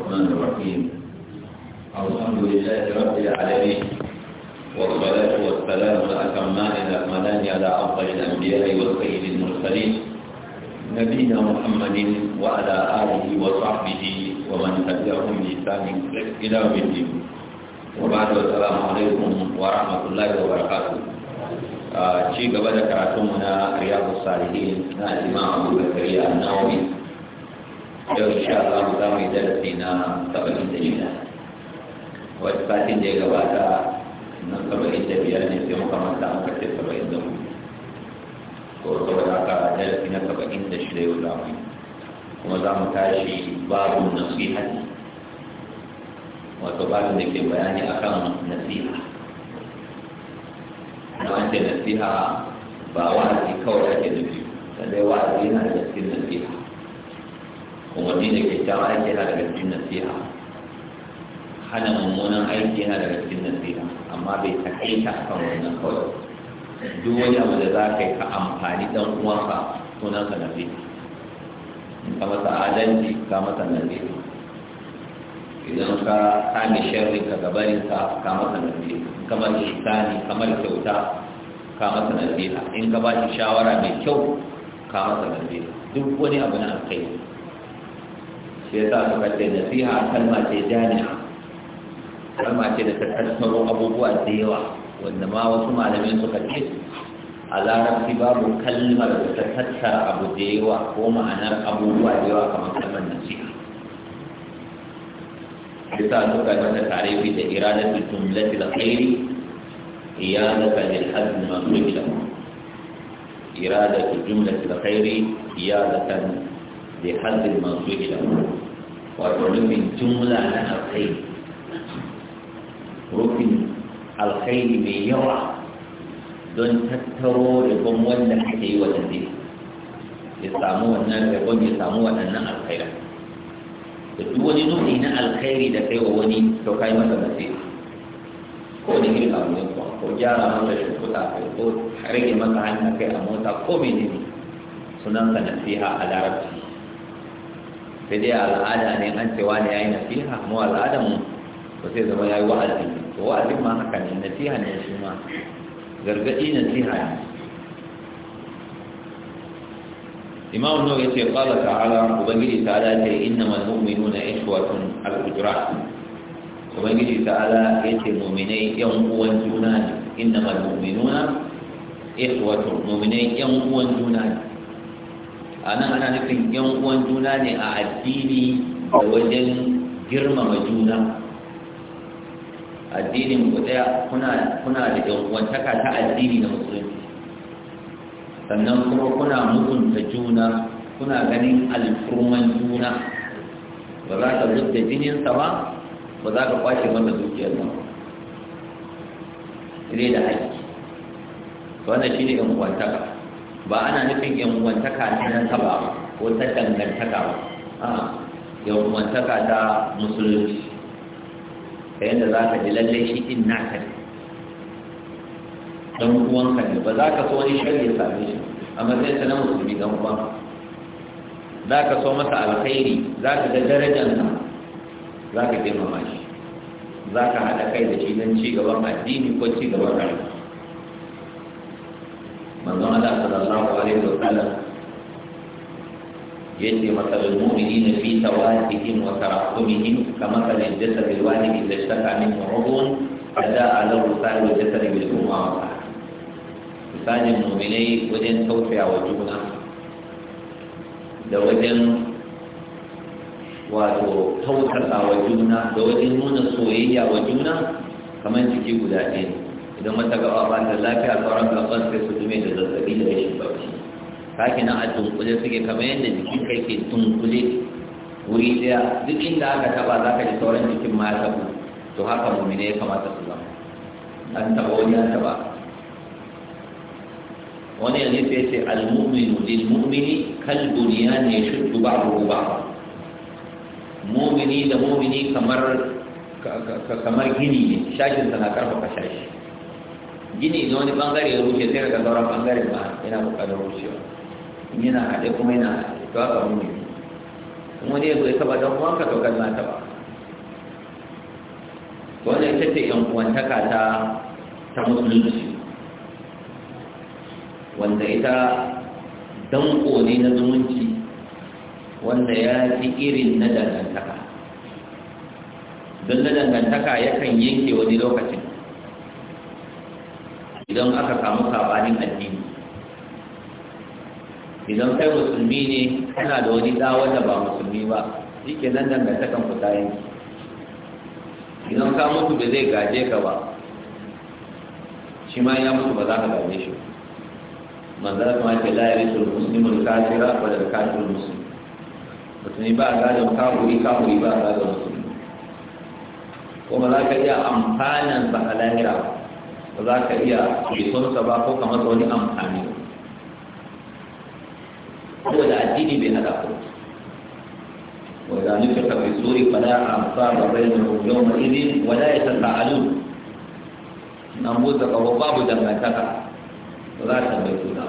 الرحمن الرحيم الحمد لله رب العالمين والصلاة والسلام الأتمان الأكملان على أفضل الأنبياء والسيد المرسلين نبينا محمد وعلى آله وصحبه ومن تبعهم بإحسان إلى يوم الدين وبعد السلام عليكم ورحمة الله وبركاته آه، شيء قبل da رياض الصالحين riyadu أبو بكر imam yau insha Allah za mu yi darasi na saba'in da shida wata satin da ya gabata na saba'in da biyar ne sai muka manta an karfe saba'in da mu ko saboda haka darasi na saba'in da shida yau za mu yi kuma za mu tashi babu nasihati wato babin da ke bayani akan nasiha na an ce nasiha ba wa'azi kawai ake nufi sai dai wa'azi yana da cikin nasiha umarni da kyakkyawa aiki yana daga cikin nasiha hana mummunan aiki yana daga cikin nasiha amma bai takaita akan wannan kawai duk wani abu da za ka yi ka amfani dan uwanka sunanka nasiha in ka masa adalci ka masa nasiha idan ka kame sharri ka gabarinsa ka ka masa nasiha kamar ihsani kamar kyauta ka masa nasiha in ka ba shi shawara mai kyau ka masa nasiha duk wani abu na kai. sai sa suka ce nasiha kalma ce jami'a kalma ce da ta tattaro abubuwa da yawa wanda ma wasu malamin suka ce a larabci babu kalmar da ta tattara abu da yawa ko ma'anar abubuwa da yawa kamar kalmar nasiha sai sa suka yi mata tarihi da iradatu lati da kairi khairi iyadaka lil hazm maqbul iradatu jumlati da kairi da iyadatan لحد المنصوب له wato rufin jumla na alkhairi rufin alkhairi mai yawa don tattaro ribon wanda ake yi wa dande ya samu wannan ribon ya samu waɗannan alkhaira da duk wani nufi na alkhairi da kai wa wani to kai masa nasi ko da irin abu kuma ko ko gyara masa shukuta kai ko rage masa hanya kai a mota ko mai menene sunan ka nasiha a larabci sai dai al'ada ne an ce wani yayi nasiha mu al'adan mu to sai zama ya yayi wa'azi to wa'azi ma haka ne nasiha ne shi ma gargadi nasiha ne imam nawawi yace qala ta'ala ubangiji ta'ala ce inna innamal mu'minuna ikhwatun al-ujra ubangiji ta'ala yace mu'minai yan uwan juna ne innamal mu'minuna ikhwatun mu'minai yan uwan juna ne a nan ana nufin yan uwan juna ne a addini da wajen girmama juna addinin ku daya kuna kuna da yan uwantaka ta addini na musulunci sannan kuma kuna mutunta juna kuna ganin alfurman juna ba za ka zubda jininsa ba ba za ka kwashe wanda dukiyar ba sai da haƙƙi wannan ne yan uwantaka ba ana nufin yan uwantaka ta nasaba ko ta dangantaka ba a yan uwantaka ta musulunci ta yadda za ka ji lallai shi na naka ne dan uwanka ne ba za ka so wani shirya same shi a matsayin sa na musulmi don uwan za ka so masa alkhairi za ka ga darajar darajansa za ka girmama shi za ka haɗa kai da shi don ci gaban addini ko ci gaban rayuwa manzon Allah sallallahu alaihi wa sallam yace masalul mu'minina fi tawadihim wa tarahumihim kama kal jasad al walid idha ishtaka min udhun ada ala rusal al jasad bil umma mu'minai wajen da wajen wato tausasa wa juna da wajen nuna soyayya wa juna kamar jiki guda ɗaya idan ta ga ba da lafiya sauran gaban sai su dume da zazzabi da rashin bauchi na nan a dunkule suke kamar yadda jiki kake tun dunkule wuri daya duk inda aka taba za ka ji sauran jikin ma ya tabu to haka mumine ya kamata su zama an taɓa wani an ba. wani yanzu sai ce al-mu'minu lil mu'mini kal bunyan ba ba'dahu ba mu'mini da mu'mini kamar kamar gini ne shakin sana karfafa shashi gini da wani bangare ya rushe sai daga sauran bangare ba yana bukatar rushewa yana haɗe kuma yana haɗe to haka mun kuma ne zai taba don wanka to kan mata ba wannan ita ce yan uwantaka ta ta musulunci wanda ita danko ne na zumunci wanda ya fi irin na dangantaka don na dangantaka yakan yanke wani lokacin idan aka samu sabanin addini idan kai musulmi ne kana da wani da ba musulmi ba shi ke nan dangantakan ku tayin idan ka mutu ba zai gaje ka ba shi ma ya mutu ba za ka gaje shi manzara kuma ce la yarisu muslimul kafira wa da kafirul muslim musulmi ba a gajin kafuri kafuri ba a gajin musulmi kuma za ka iya amfanin ba a lahira ba za ka iya tuntunsa ba ko kamar wani amfani ko da addini bai hada ku wanda nufin ka fi suri fada a musamman bai da rukun yau ma wanda ya tattara alu na musa kawo babu dangantaka za ta mai suna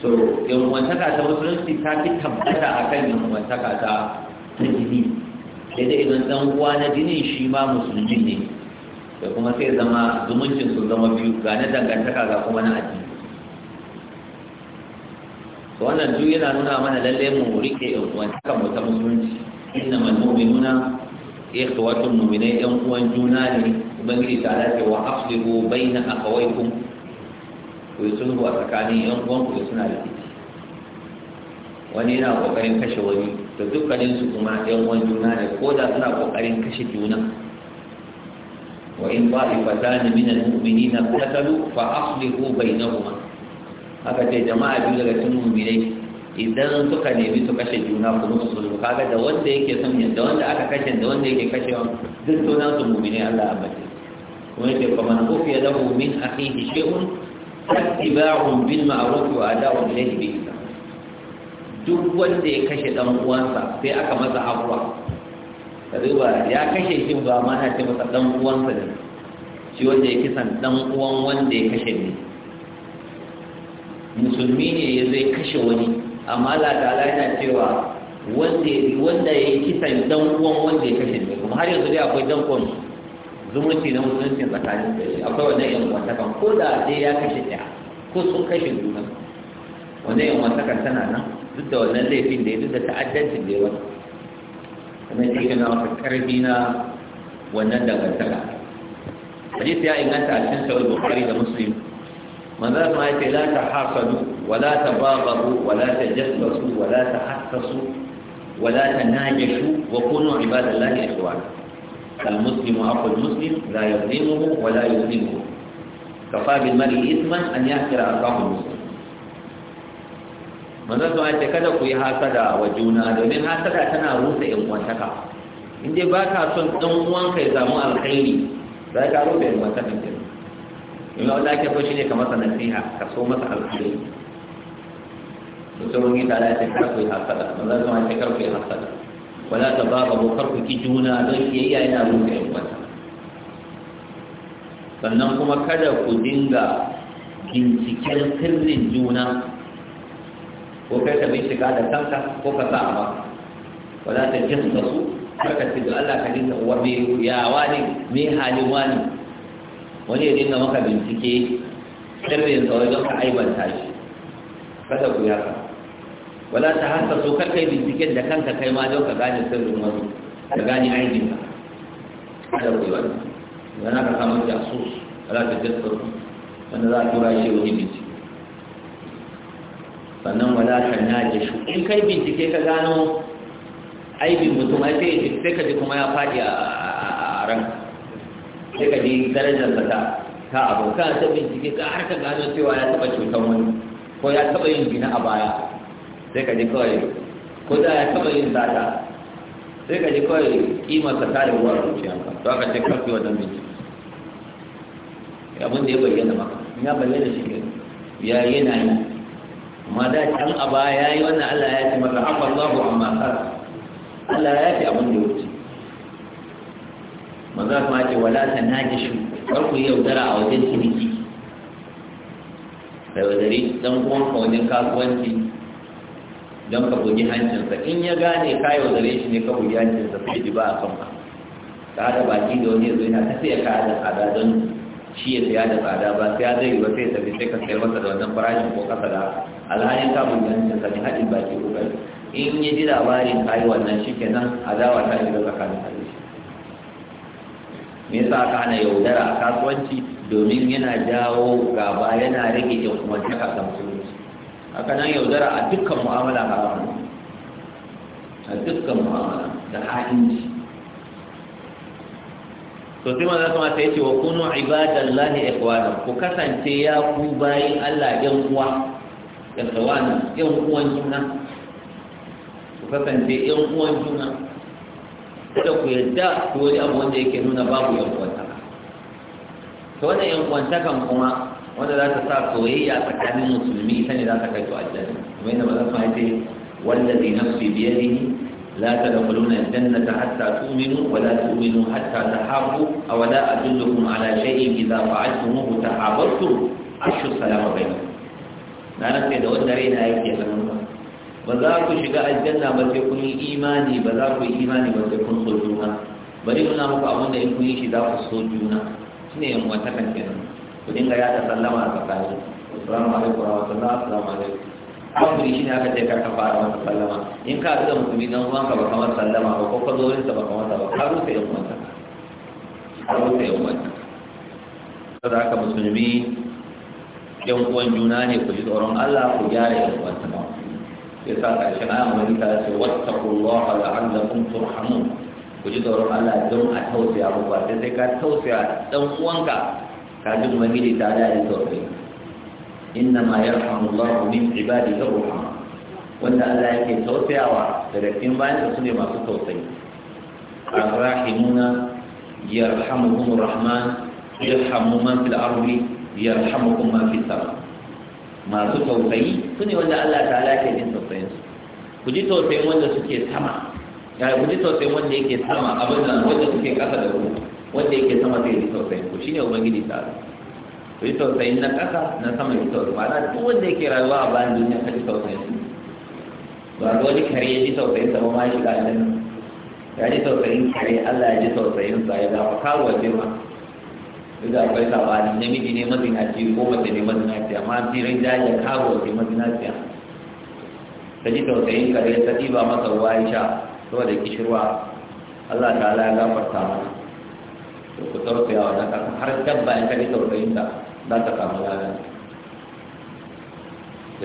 so yin wantaka ta musulunci ta fi tabbata akan kan yin wantaka ta ta jini daidai idan dan uwa na jini shi ma musulmi ne da kuma sai zama zumuncin su zama biyu ga na dangantaka ga kuma na addini to wannan duk yana nuna mana lalle mu rike kan mu ta musulunci inna man mu'minuna ikhwatun mu'minai yan uwan juna ne ubangiji ta lafiya wa aslihu baina akhawaykum ku yi sulhu a tsakanin yan uwan ku suna da wani yana kokarin kashe wani to dukkanin su kuma yan uwan juna ne ko da suna kokarin kashe juna وإن طائفتان من المؤمنين اقتتلوا فأصلحوا بينهما haka ce jama'a biyu daga cikin mu'minai idan suka nemi su kashe juna ku musu sulhu kaga da wanda yake son ya da wanda aka kashe da wanda yake kashewa duk sunan su mu'minai Allah abace kuma yake fa man ufiya lahu min akhihi shay'un ittiba'un bil ma'ruf wa ada'un ilayhi bi duk wanda ya kashe dan uwansa sai aka masa abuwa. riba ya kashe shi ba ma ta ce masa dan uwansa ne shi wanda ya kisan dan uwan wanda ya kashe ne musulmi ne ya zai kashe wani amma Allah ta'ala yana cewa wanda wanda ya kisan dan uwan wanda ya kashe ne kuma har yanzu dai akwai dan uwan zumunci na musulunci tsakanin da shi akwai wannan yan kan, ko da dai ya kashe ɗaya ko sun kashe juna wannan yan kan tana nan duk da wannan laifin da ya duk da ta'addancin da ya wata kuma yake yana maka karfi na wannan dangantaka hadisi ya inganta a cikin sahih bukhari da muslim manzon ma yake la hasadu wa la tabaghadu wa la tajassasu wa la hasasu wa la najashu wa kunu ibadallahi ikhwan muslimu ikhwana المسلم أخو المسلم لا يظلمه kafa bil mar'i ithman an yahkira aqwa al muslim manzon sama ce kada ku yi hasada wa juna domin hasada tana rusa yan wataka in dai ba ka son dan uwanka ya samu alkhairi za ka rusa yan uwantaka ke in ma wanda ake so ne ka masa nasiha ka so masa alkhairi mutum yi tare da kar ku yi hasada manzon sama ce kar ku yi hasada wala ta ba ka kar ku ki juna don kiyayya yana rufe yan wata sannan kuma kada ku dinga binciken sirrin juna ko kai ka bincika da kanka ko ka sa a ba wala ta jin da su ka ce da Allah ka dinga wa me ya wani me halin wani wani ya dinga maka bincike sirrin wani, don ka aibanta shi kada ku yaka wala ta hasa so kar kai binciken da kanka kai ma don ka gane sirrin wani ka gane aibin ka kada ku yi wani yana ka samu jasus wala ta jin da su wanda za a tura shi wani bincike sannan wala na da shi in kai bincike ka gano aibin mutum ai sai ka ji kuma ya faɗi a ran sai ka ji darajar ta ta abu ka ta bincike ka har ka gano cewa ya taɓa cutar wani ko ya taɓa yin gina a baya sai ka ji kawai ko za ya taɓa yin zata sai ka ji kawai ka ta da ruwa zuciyanka to aka ce karfi wajen bincike abin da ya bayyana maka ya bayyana shi ya yana yi amma da can a baya yi wannan Allah ya ce masa haka Allahu a sar Allah ya ce abin da ya wuce maza kuma ce wala ta shi kar ku yaudara a wajen ciniki da yaudari dan uwan ka wajen kasuwanci don ka bugi hancinsa in ya gane ka yaudare shi ne ka bugi hancinsa sai ji ba a kan ba ka haɗa baki da wani yanzu yana ta sai ka haɗa tsada don shi ya saya da tsada ba sai ya zai yi ba sai ya tafi sai ka sayar masa da wannan farashin ko kasa da haka alhali ka buganta ta ne haɗin baki kokari in yi ji labarin kayi wannan shi kenan adawa ta shiga tsakanin kare shi me yasa aka hana yaudara a kasuwanci domin yana jawo gaba yana rage yan kuma ta kasance haka nan yaudara a dukkan mu'amala haramun a dukkan mu'amala da shi to sai za kuma sai ce wa kunu ibadallahi ikhwana ku kasance ya ku bayin Allah yan uwa yalgawani yan uwan juna ku kasance yan uwan juna da ku yadda ku wani abu wanda yake nuna babu yan uwantaka to wannan yan uwantakan kuma wanda za ta sa soyayya tsakanin musulmi ita ne za ta kai su aljanna kuma yadda ba za su haife wallazi nafsi biyadihi لا تدخلون الجنة حتى تؤمنوا ولا تؤمنوا حتى تحابوا أولا أدلكم على شيء إذا فعلتموه تحاببتم عشوا السلام بينكم na sai da wanda raina yake hannunsa ba za ku shiga aljanna ba sai kun yi imani ba za ku yi imani ba sai kun so juna bari muna muku abin da in kun yi shi za ku so juna ne yan wata kan kenan ku dinga yada sallama a tsakani assalamu alaikum wa rahmatullahi assalamu alaikum kafiri shi ne aka ce ka fara masa sallama in ka ga musulmi dan uwan ka ba kamar sallama ba ko ka zo wurin ba kamar sa ba ka rusa yan wata ka rufe yan wata saboda haka musulmi yan uwan juna ne ku ji tsoron Allah ku gyara yan uwan ta sai sa karshen ayan wani ta ce wattaqullaha la'allakum turhamun ku ji tsoron Allah don a tausaya muku sai sai ka tausaya dan uwanka ka ji ubangiji ta da ni tausayi inna ma yarhamullahu min ibadihi rahama wanda Allah yake tausayawa daga cikin bayan su ne masu tausayi الراحمون يرحمهم الرحمن يرحم من في الأرض yarhamukum ma fi sama masu tausayi su ne wanda Allah ta ala ke jin tausayin su ku ji tausayin wanda suke sama ya ku ji tausayin wanda yake sama abin na wanda suke ƙasa da ku wanda yake sama zai ji tausayin ku shine ubangiji ta ala ku ji tausayin na ƙasa na sama ji tausayin ba na duk wanda yake rayuwa a bayan duniya ka ji tausayin su ba ga wani kare ya ji tausayin sa ba ma ya shiga aljanna ya ji tausayin kare Allah ya ji tausayin sa ya zafa kawo ce ma duk da akwai sabani namiji ne mazinaci ko mace ne mazinaci amma fi rai da ya kawo ce mazinaci ta ji tausayin kare ta ɗiba masa ruwa ya sha saboda kishirwa Allah ta ala ya gafarta mana to ku tausaya wa naka har dabba ya ka tausayin ta za ta samu ladan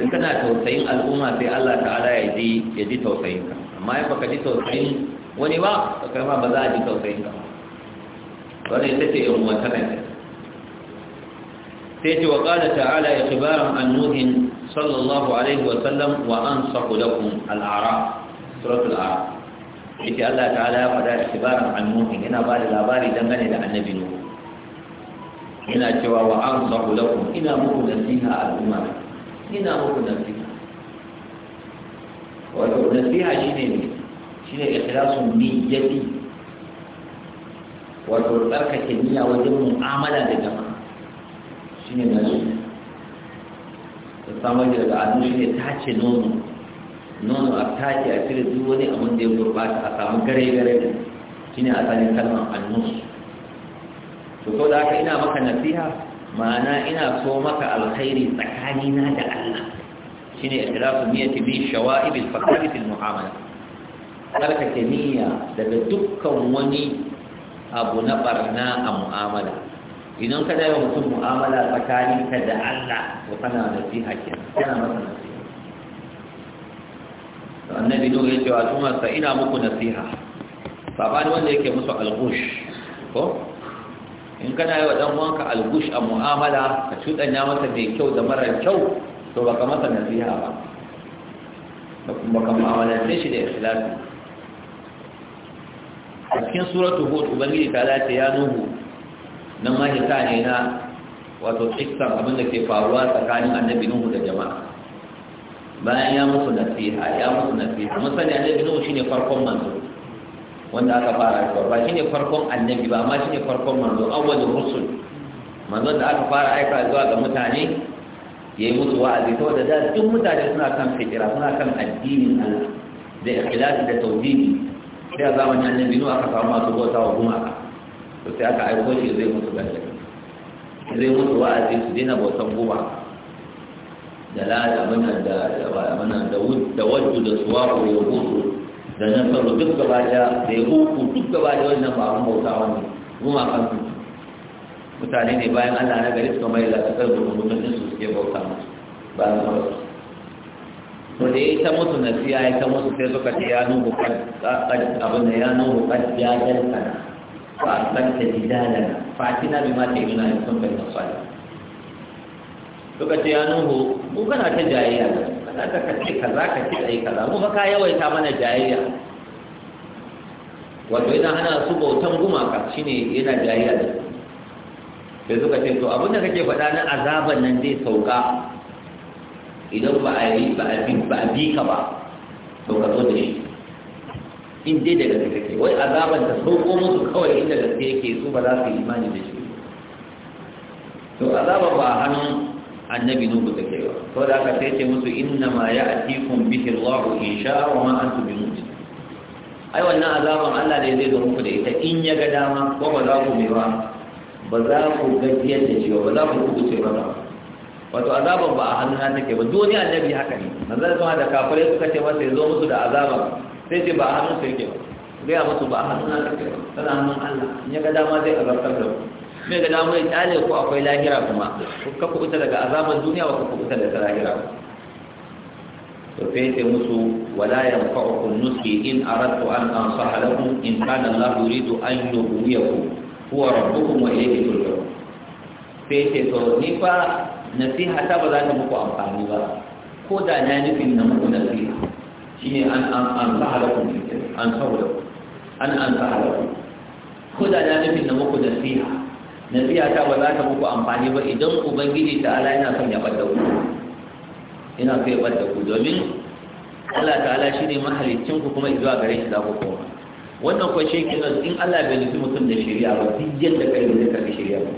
in kana tausayin al'umma sai Allah ta'ala ya ji ya ji tausayin ka amma in baka ji tausayin wani ba kai ma ba za a ji tausayin ka wani ita ce yan wata ne sai ce wa qala ta'ala ikhbaran an nuhin sallallahu alaihi wa sallam wa ansahu lakum al-a'raf suratul a'raf yace Allah ta'ala ya faɗa ikhbaran an yana ba da labari dangane da annabi nuhu ina cewa wa ansahu lakum ina muku nasiha al'umma ina muku nasiha wato nasiha shine ne shine ikhlasun niyyati wato tsarkake niyya wajen mu'amala da jama'a shi ne na su ta samar da al'adu shi ne tace nono nono a tace a cire duk wani abin da ya gurɓata a samu gare-gare da shi ne a asalin kalmar annus to ko da haka ina maka nasiha ma'ana ina so maka alkhairi tsakanina da Allah ne ikhlasu niyyati bi shawa'ib al-faqr fi al-mu'amala kalka niyya daga dukkan wani abu na barna a mu'amala idan ka dawo mutum mu'amala tsakanin ka da Allah to kana da nasiha ke kana masa nasiha to annabi dole ya ce wa kuma sa ina muku nasiha sabani wanda yake musu algush ko in kana yi wa dan uwanka algush a mu'amala ka cudanya masa mai kyau da marar kyau to baka masa nasiha ba baka mu'amalance shi da ikhlasi a cikin suratu hud ubangiji ta lati ya nuhu nan ma hita ne na wato kissan abin da ke faruwa tsakanin annabi nuhu da jama'a bayan ya musu nasiha ya musu nasiha mun sani annabi nuhu shine farkon manzo wanda aka fara shi ba shine farkon annabi ba amma shine farkon manzo awwalur rusul manzo da aka fara aika zuwa ga mutane yayi musu wa'azi to da duk mutane suna kan fikira suna kan addinin Allah da ikhlasi da tauhidi sai a zamanin annabi nuhu aka samu masu bauta wa gumaka to sai aka aiko shi zai mutu gashi zai mutu wa wa'azi su dina bautan goma da lada mana da mana da da wajju da suwaru ya hutu da nan sabo duk gaba da da ya hutu duk gaba da wannan ba abun bauta wani goma kan su mutane ne bayan Allah na gari suka mai lafiyar da mutumin su suke bauta musu bayan su to da ta mutu nasiya ya ta mutu sai suka ce ya nuhu kan abin da ya nuhu kan ya dalkana فأصبحت جدالنا فأتنا بما تعلمنا إن كنت من الصالحين suka ce ya nuhu mu kana ta jayayya kana ta kace kaza ka ce ai kaza mu fa ka yawaita mana jayayya wato yana hana su bautan gumaka shine yana jayayya da sai suka ce to abin da kake faɗa na azaban nan zai sauka idan ba a yi bi ba a bi ka ba to ka zo da shi in dai da gaske take wai azaban ta sauko musu kawai inda gaske yake su ba za su yi imani da shi to azaba ba hannun annabi nuhu take ba to da aka sai ce musu inna ma ya'tikum bihi Allah in sha'a wa ma antum bimu'min ai wannan azaban Allah ne zai zo muku da ita in ya ga dama ko ba za ku mai ba ba za ku gajiyar da shi ba ba za ku kuce ba wato azaban ba a hannun ke ba duwani wani annabi haka ne manzon sama da kafare suka ce masa ya zo musu da azaban sai ce ba a hannun sai ke ba gaya musu ba a hannun ke ba tana hannun Allah in ya ga dama zai azabtar da ku mai ga dama ya kyale ku akwai lahira kuma ku ka kubuta daga azaban duniya ba ku kubuta daga lahira ba to sai ce musu wala yanfa'ukum nuski in aradtu an ansaha lakum in kana Allah yuridu an yughwiyakum huwa rabbukum wa ilayhi turja'un sai ce to ni fa nasiha ta ba za ta muku amfani ba ko da na nufin na muku nasiha shi ne an an sahara ku an saura an an sahara ko da na nufin na muku nasiha nasiha ta ba za ta muku amfani ba idan ubangiji ta ala yana son ya bada ku ina so ya bada ku domin Allah ta'ala shi ne mahalicin ku kuma zuwa gare shi za ku koma wannan kwashe kinan in Allah bai nufi mutum da shari'a ba duk yadda kai da ka shari'a ba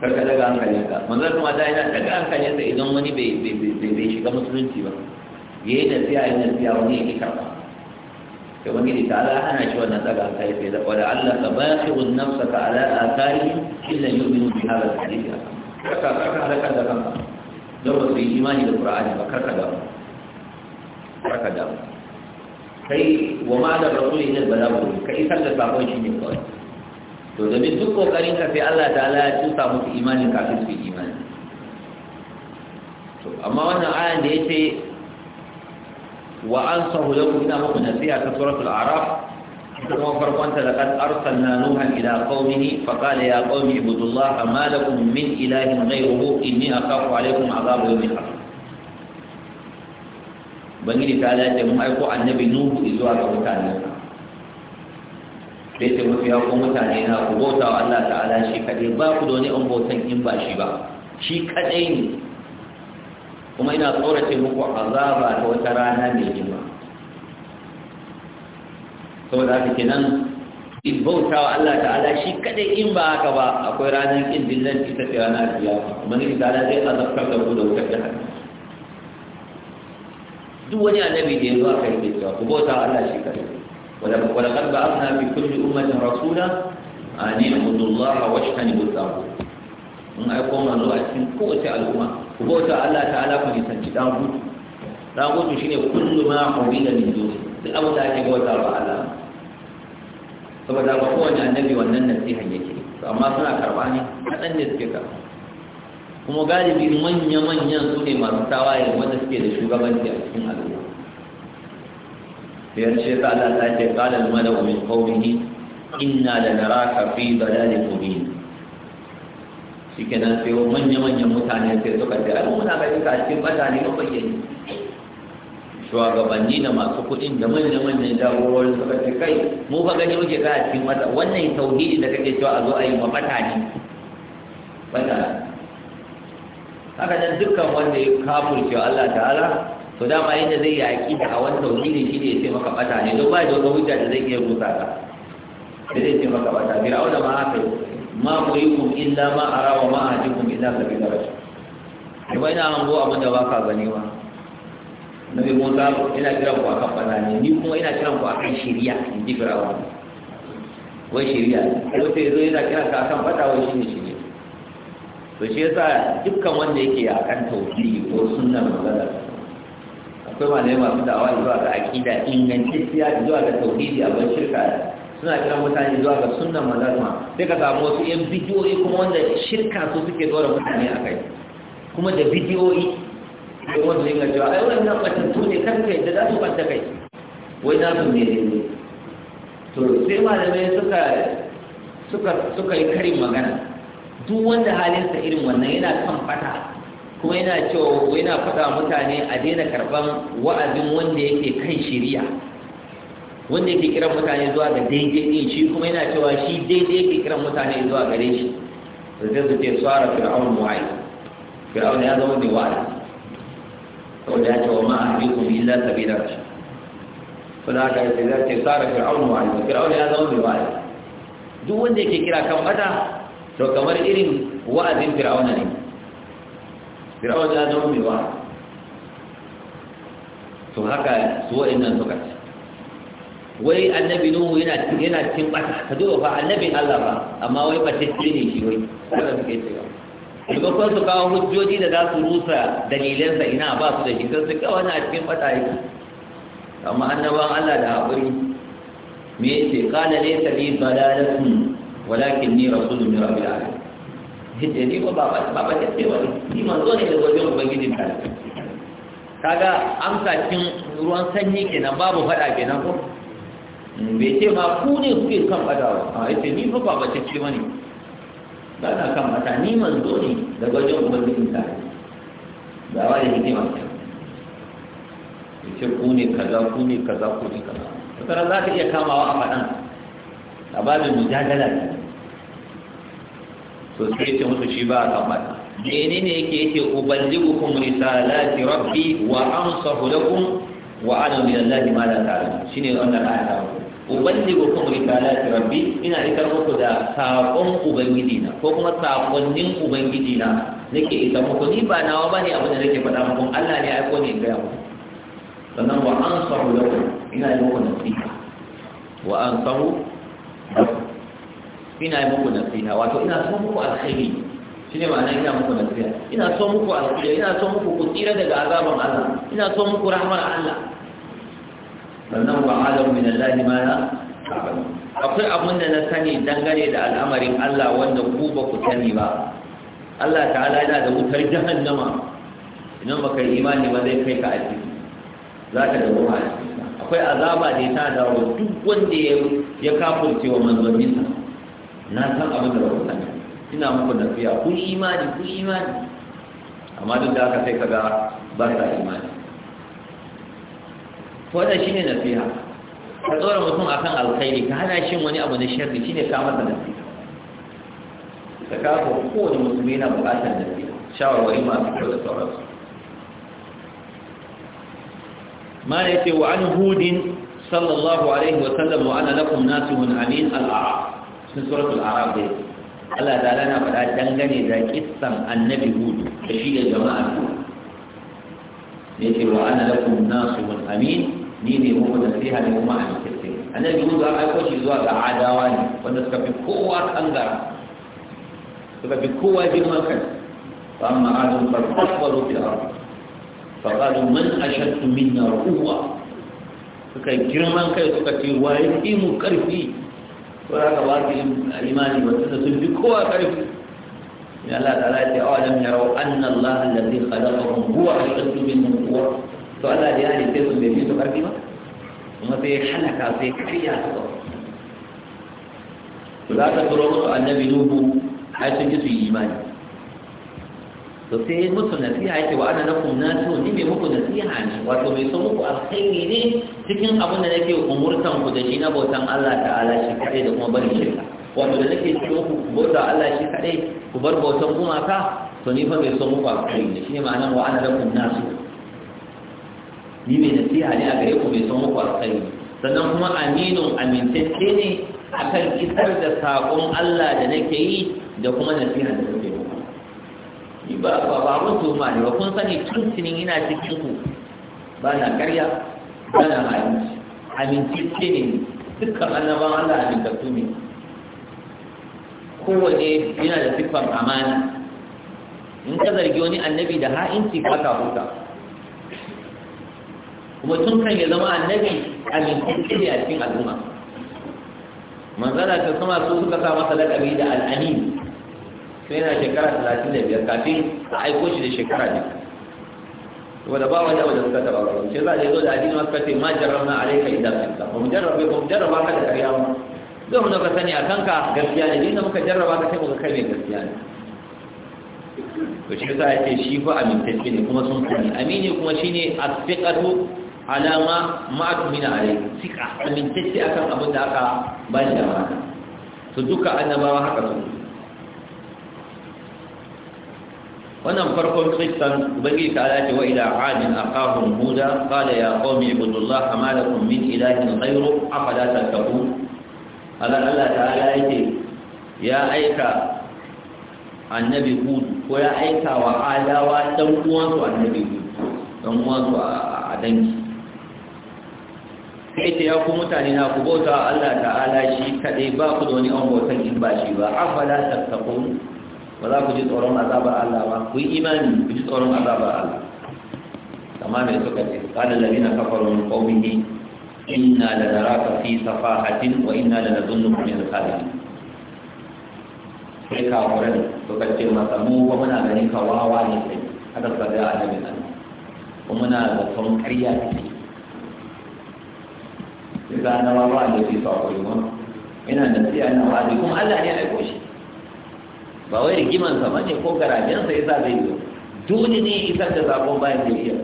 karka daga hankalinka manzon kuma ta yi yana daga hankalinsa idan wani bai shiga musulunci ba ya yi nasiya ya nasiya wani ya ki karɓa sai wani da ta'ala ana shi wannan daga hankali sai da kwada Allah ka ba shi un nafsa ka ala asari illa yu'minu bi hadha al-hadith karka karka halaka da kanka don ba su yi imani da qur'ani ba karka da karka da kai wa ma da rasul ila balagh kai da sabon shi ne kawai to duk kokarin ka sai Allah ta'ala ya tusa musu imanin kafin su imani to amma wannan ayan da yace wa ansahu lakum ina muku nasiha ta suratul a'raf kuma farkon ta laqad arsalna nuha ila qaumihi fa qala ya qaumi ibudullaha ma lakum min ilahin ghayruhu inni akhafu alaykum adhab yawmin akhir bangini ta Allah ya mun aiko annabi nuhu zuwa ga mutane da yake musu ya ku mutane na ku bauta wa Allah ta'ala shi kaɗai ba ku da wani an bautan in ba shi ba shi kaɗai ne kuma ina tsorace muku azaba ta wata rana mai girma saboda haka kenan in bauta wa Allah ta'ala shi kaɗai in ba haka ba akwai ranar ƙin dillan ita ce ranar kiyama kuma ni ta'ala zai azabtar da ku da wutar da hannu duk wani annabi da ya zo aka yi cewa ku bauta wa Allah shi kaɗai ولقد بعثنا في كل أمة رسولا أن اعبدوا الله واجتنبوا الطاغوت mun aiko manzo a cikin kowace al'umma ku bauta Allah ta'ala ku nisanci dagutu dagutu shine kullu ma hawila min duni duk abu da ake bauta wa Allah saboda ba kowane annabi wannan nasihan yake amma suna karɓa ne kaɗan ne suke karɓa kuma galibi manya-manyan su ne masu tawaye wanda suke da shugabanci a cikin al'umma biyar ce ta Allah ta ce qala al mala'u min qawmihi inna lanaraka fi dalalin mubin shikenan sai manya manya mutane sai suka ce ai muna ga duka cikin mutane ba bayyane shugabanni da masu kuɗin da manya manyan jagororin suka ce kai mu ba gani muke ga cikin mata wannan tauhidi da kake cewa a zo a yi wa mutane bata haka nan dukkan wanda ya kafurce Allah ta'ala to dama yadda zai yi da a wani tauhidi shi ne ya ce maka bata ne don ba da wata hujja da zai iya rusa ka da zai ce maka bata fir'auna ma haka ma kun illa ma a rawa ma a jikun illa sabila ne ba ina hango abin da ba ka gani ba bi musa ina kiran ku akan bana ne ni kuma ina kiran ku akan shirya in ji Wani wai shirya ko sai zo yana kiran ka akan bata wai shi ne ne to shi yasa dukkan wanda yake kan tauhidi ko sunnar magana akwai malamai masu da'awa zuwa ga aƙida ingantacciya zuwa ga tauhidi a ban shirka suna kira mutane zuwa ga sunan mazarma sai ka samu wasu yan bidiyoyi kuma wanda shirka su suke zuwa mutane a kai kuma da bidiyoyi da wanda yin gajewa ai wannan batattu ne kan kai da za su ɓanta kai wai na su ne ne to sai malamai suka suka suka yi karin magana duk wanda halinsa irin wannan yana kan fata kuma yana cewa yana faɗa mutane a daina karɓan wa'azin wanda yake kan shiriya wanda yake kiran mutane zuwa ga daidai ɗin shi kuma yana cewa shi daidai yake kiran mutane zuwa gare shi da zai su ce tsara fir'aun mu'ai fir'aun ya zama mai wa'azi da ya ce wa ma ahlikum illa sabila shi kuma haka sai za ce tsara fir'aun mu'ai fir'aun ya zama mai wa'azi duk wanda yake kira kan bata to kamar irin wa'azin fir'auna ne fir'aun ya zama mai wa to haka su wa'annan suka ce wai annabi nuhu yana yana cikin bata ka duba fa annabi Allah ba amma wai ba tace ne shi wai haka suke cewa maimakon su kawo hujjoji da za su rusa dalilansa ina ba su da shi sai su kawo wani a cikin bata yake amma annaban Allah da haƙuri me yace qala laysa li dalalatun walakin ni rasulun min rabbil alamin yace ni ba ba ba ba ce wani ni manzo ne da wajen ubangiji ta kaga amsa cikin ruwan sanyi kenan babu fada kenan ko bai ce ma ku ne kuke kan fada ba a yace ni ko ba ba ce wani ba na kan mata ni zo ne da wajen ubangiji ta da wani hikima ce ku ne kaza ku ne kaza ku ne kaza wata za ka iya kamawa a faɗan a babin mujadala ne to sai ce musu shi ba a tabbata menene yake yake uballigukum risalati rabbi wa ansahu lakum wa ana min allahi ma la ta'lamu shine wannan aya ta uballigukum risalati rabbi ina isar muku da sakon ubangiji na ko kuma sakonnin ubangiji na nake isar muku ni ba nawa bane abin da nake faɗa muku Allah ne aiko ne ga ku. sannan wa ansahu lakum ina yi muku nasiha wa ansahu lakum ina yi muku nasiha wato ina so muku alkhairi shine ma'ana ina muku nasiha ina so muku alkhairi ina so muku ku tsira daga azaban Allah ina so muku rahmar Allah sannan wa alam min Allah ma la akwai abin da na sani dangane da al'amarin Allah wanda ku ba ku sani ba Allah ta'ala yana da wutar jahannama idan baka yi imani ba zai kai ka a ciki za ka da ruwa akwai azaba da ya ta da duk wanda ya kafurce wa manzanninsa na san abin da ba ku ina muku nasiya ku imani ku imani amma duk da haka sai ka kaga ba sa imani wannan shine nasiha ka tsoron mutum akan alkhairi ka hana shi wani abu na shi ne ka da nasiha ka kafa kowane musulmi yana buƙatar nasiha shawarwari masu kyau da sauransu ما يتي وعن هود صلى الله عليه وسلم وأنا لكم ناسه عمين الأعراف cikin suratul arab dai Allah ta lana fada dangane da kissan annabi hud da shi da jama'a yake wa ana lakum nasihun amin ni ne mu da sai hali kuma a cikin sai annabi hud ya aiko shi zuwa ga adawa ne wanda suka fi kowa kangara suka fi kowa girman kai fa amma adun fa tasbaru fil ardh fa qalu man ashaddu minna quwwa suka girman kai suka ce waye mu karfi ولكن واجب الإيمان والسنة تنفق هو أخرف من الله تعالى أعلم يروا أن الله الذي خلقهم هو أشخص منهم هو سؤال هذا يعني كيف يمكن تقدمه وما في حلقة في كفية ولا تقرروا أن نبنوه حيث يجب الإيمان to sai musu nasiha yake wa ana lakum nasu ni mai muku nasiha ne wato mai so muku alkhairi ne cikin abin da nake umurtan ku da shi na bautan Allah ta'ala shi kadai da kuma barin ka. wato da nake ce ku bauta Allah shi kadai ku bar bautan gumaka to ni fa mai so muku alkhairi ne ne ma'ana wa ana lakum nasu ni mai nasiha ne a gare ku mai so muku alkhairi sannan kuma Aminu amintacce ne akan isar da saƙon Allah da nake yi da kuma nasiha da nake ba ba ba mun tuma ne ba kun sani tuntuni ina cikin ku ba na karya ba na halinci amincicce ne dukkan annaban Allah amintattu ne kowane yana da siffar amana in ka zargi wani annabi da ha'inci ka huta kuma tun kan ya zama annabi amincicce ne a cikin al'umma manzana ta kuma su suka sa masa laƙabi da al'amin Sai yana shekara talatin da biyar kafin a aiko shi da shekara ne wanda ba wani abu da suka taba ba ce za a zo da addini masu kace ma jarrama alaika idan kanka ba mu jarrabe ba mu jarraba ka da ƙarya mu zai mu ka sani a kanka gaskiya ne inda muka jarraba ka sai muka kai mai gaskiya ne to shi yasa yace shi fa amintacce ne kuma sun kuma. amini kuma shine as-siqatu alama ma'tumina alai Sika amintacce akan abin da aka ba shi da ma'ana to duka annabawa haka su wannan farkon kristan ubangiji ta alaƙi wa ila a aqahum huda qala ya qaumi ibudullah ma lakum min ilahin ghayru afala tattaqun Allah Allah ta'ala yake ya aika annabi hud ko ya aika wa adawa dan uwansu annabi hud dan uwansu a dangi sai ta ya ku mutane na ku bauta Allah ta'ala shi kaɗai ba ku da wani an bautan in ba shi ba afala tattaqun ba za ku ji tsoron azabar Allah ba ku yi imani ku ji tsoron azabar Allah kama mai suka ce kada lalina kafaru min qaumihi da la naraka fi safahatin wa inna la nadhunnuka min al-kadhibin sai kafuran suka ce masa mu ba muna ganin ka wawa ne kai haka suka ga annabi nan ko muna da son ƙarya ne sai ga na wawa ne sai kafuran ina da siya na wa'azi kuma Allah ne ya aiko shi ba wai rigiman sa bane ko garajen sa yasa zai yi dole ne isa da zakon bayan da iya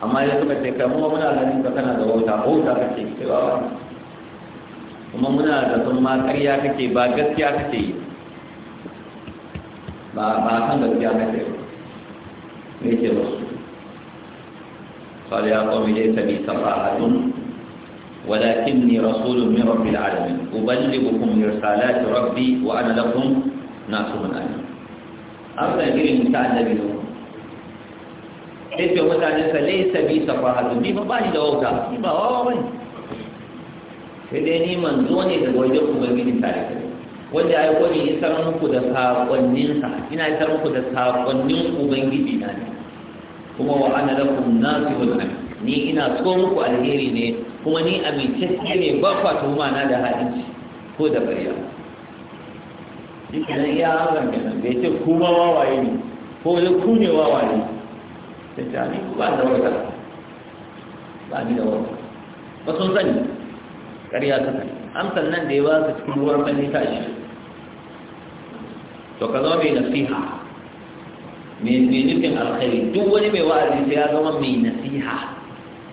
amma yanzu suka ce kai kuma muna ganin ka kana da wauta wauta kake cewa ba kuma muna da sun ma ƙarya kake ba gaskiya kake yi ba ba san gaskiya kake ne ke ba قال يا قوم ليس لي سفاهة ولكني رسول من رب العالمين أبلغكم رسالات ربي وأنا لكم nasuhun ali an san irin ta annabi ne yace mutane sa laysa bi safahatu bi ba ni da wauta ni ba wawa bane sai dai ni manzo ne da wajen ubangiji tare wanda ya aiko ni isar muku da sakonnin sa ina isar muku da sakonnin ubangiji na ne kuma wa ana na nasihun ali ni ina so muku alheri ne kuma ni amintacce ne ba kwa tuhuma na da hadisi ko da bayyana shi ke nan iya hakan ke nan bai ce kuma wawaye ne ko wani ku ne wawaye ta ce ni ba da wata ba ni da wata ba sun sani ƙarya ta kai amsan nan da ya ba su cikin ruwan mani ta shi to ka zama mai nasiha mai nufin alkhairi duk wani mai wa'azi sai ya zama mai nasiha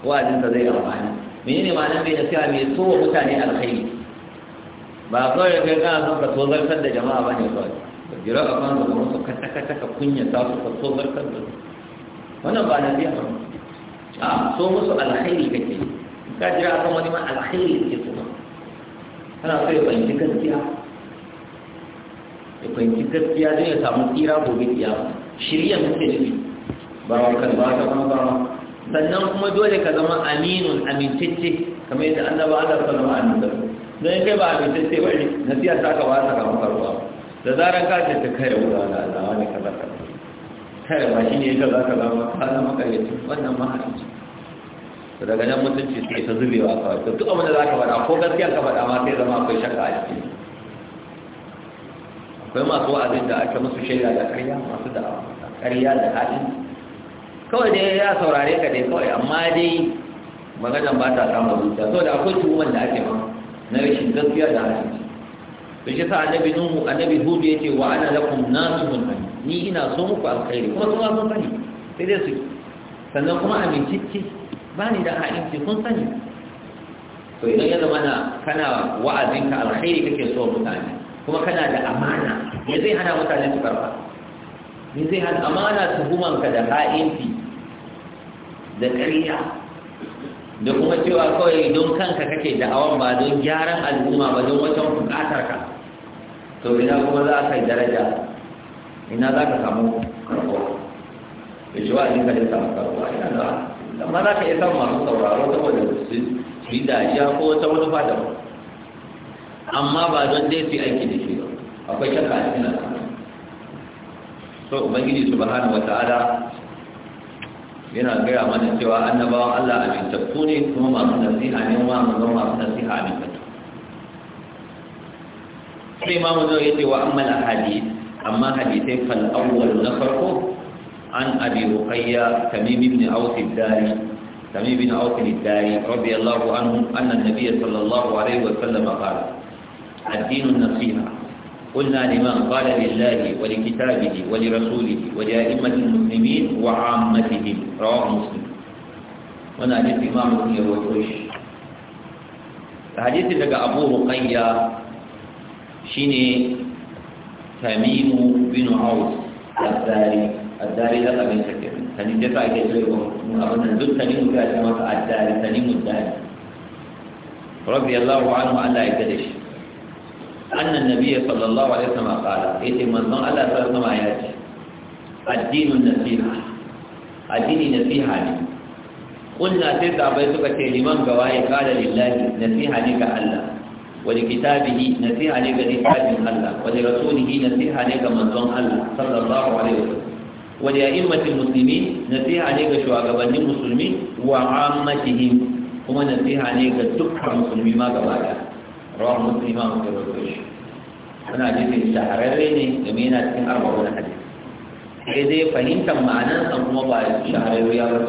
wa'azinsa zai amfani menene ma'anar mai nasiha mai so wa mutane alkhairi ba kawai kai kana son ka zartar da jama'a ba ne kawai Ba jira a kan da wani kata kata ka kunya ta su ka tozartar da wannan ba na biya ba a so musu alkhairi kake ka jira a kan wani ma alkhairi ke so kana so ya fahimci gaskiya ya fahimci gaskiya don ya samu tsira gobe tsira shirya muke nufi ba wa kan ba ta kuma ba sannan kuma dole ka zama aminun amintacce kamar yadda annabawa Allah sallallahu alaihi wasallam da kai ba abin sai na nasiya ta ka wata ka maka ruwa da zaran ka ce ta kai ruwa da da wani kaza ka kai ba shi ne ka za ka zama ka zama karyaci wannan mahaici to daga nan mutunci sai ta zubewa ka to duk abin da zaka ka faɗa ko gaskiya ka faɗa ma sai zama akwai shakka a ciki akwai masu wa'azin da aka musu shaida da karya masu da karya da haɗin kawai dai ya saurare ka dai kawai amma dai maganan ba ta samun zuciya saboda da akwai tuhumar da ake ma na rashin gaskiya da halaci to shi sa annabi nuhu annabi hudu yace wa ana lakum nasihun ni ina so muku alkhairi kuma kuma sun sani sai dai su sannan kuma amincicci ba ni da ha'inci kun sani to idan ya zama kana wa'azinka alkhairi kake so mutane kuma kana da amana me zai hana mutane su karba me zai hana amana tuhumanka da ha'inci da ƙarya da kuma cewa kawai don kanka kake da'awan ba don gyaran al'umma ba don wata bukatar ka to ina kuma za ka yi daraja ina za ka samu karbuwa da cewa a jinka samun samu a ina za amma za ka iya samun masu sauraro saboda su yi dajiya ko wata wani ba amma ba don dai su yi aiki da shi ba akwai shakka a cikin al'amari so ubangiji subhanahu ta'ala yana gaya mana cewa annabawan Allah amintattu ne kuma masu nasiha ne wa mu masu nasiha a amintattu sai imamu zai yace wa amma hadith amma hadithai fal awwal na farko an abi ruqayya tamim ibn aus ad-dari tamim ibn aus dari radiyallahu anhu anna an-nabiy sallallahu alaihi wa sallam qala ad-din an-nasiha قلنا لمن قال لله ولكتابه ولرسوله ولأئمة المسلمين وعامتهم رواه مسلم وانا حديث امام ابن الوحوش حديث لقى ابو رقية شيني تميم بن عوف الداري الداري لقى بن سكر تنين دفع كثير أبنى ذو تنين كاتمة الداري تنين الداري رضي الله عنه ألا يتدش أن النبي صلى الله عليه وسلم قال إذا من ظن الله صلى الله الدين النسيح الدين نسيح لي قلنا سيدة بيتك لمن قواهي قال لله نسيح لك الله ولكتابه نصيحة لك لكتاب الله ولرسوله نسيح لك من ظن الله صلى الله عليه وسلم ولأئمة المسلمين نسيح لك شواغبان المسلمين وعامتهم هم نسيح لك تكفر مسلمين ما قواهي rawan mutum imam da rawaito shi wannan hadisin shahararre ne da yana cikin arba'a na hadisi sai dai fahimtar ma'anar san kuma ba shahararre ya bar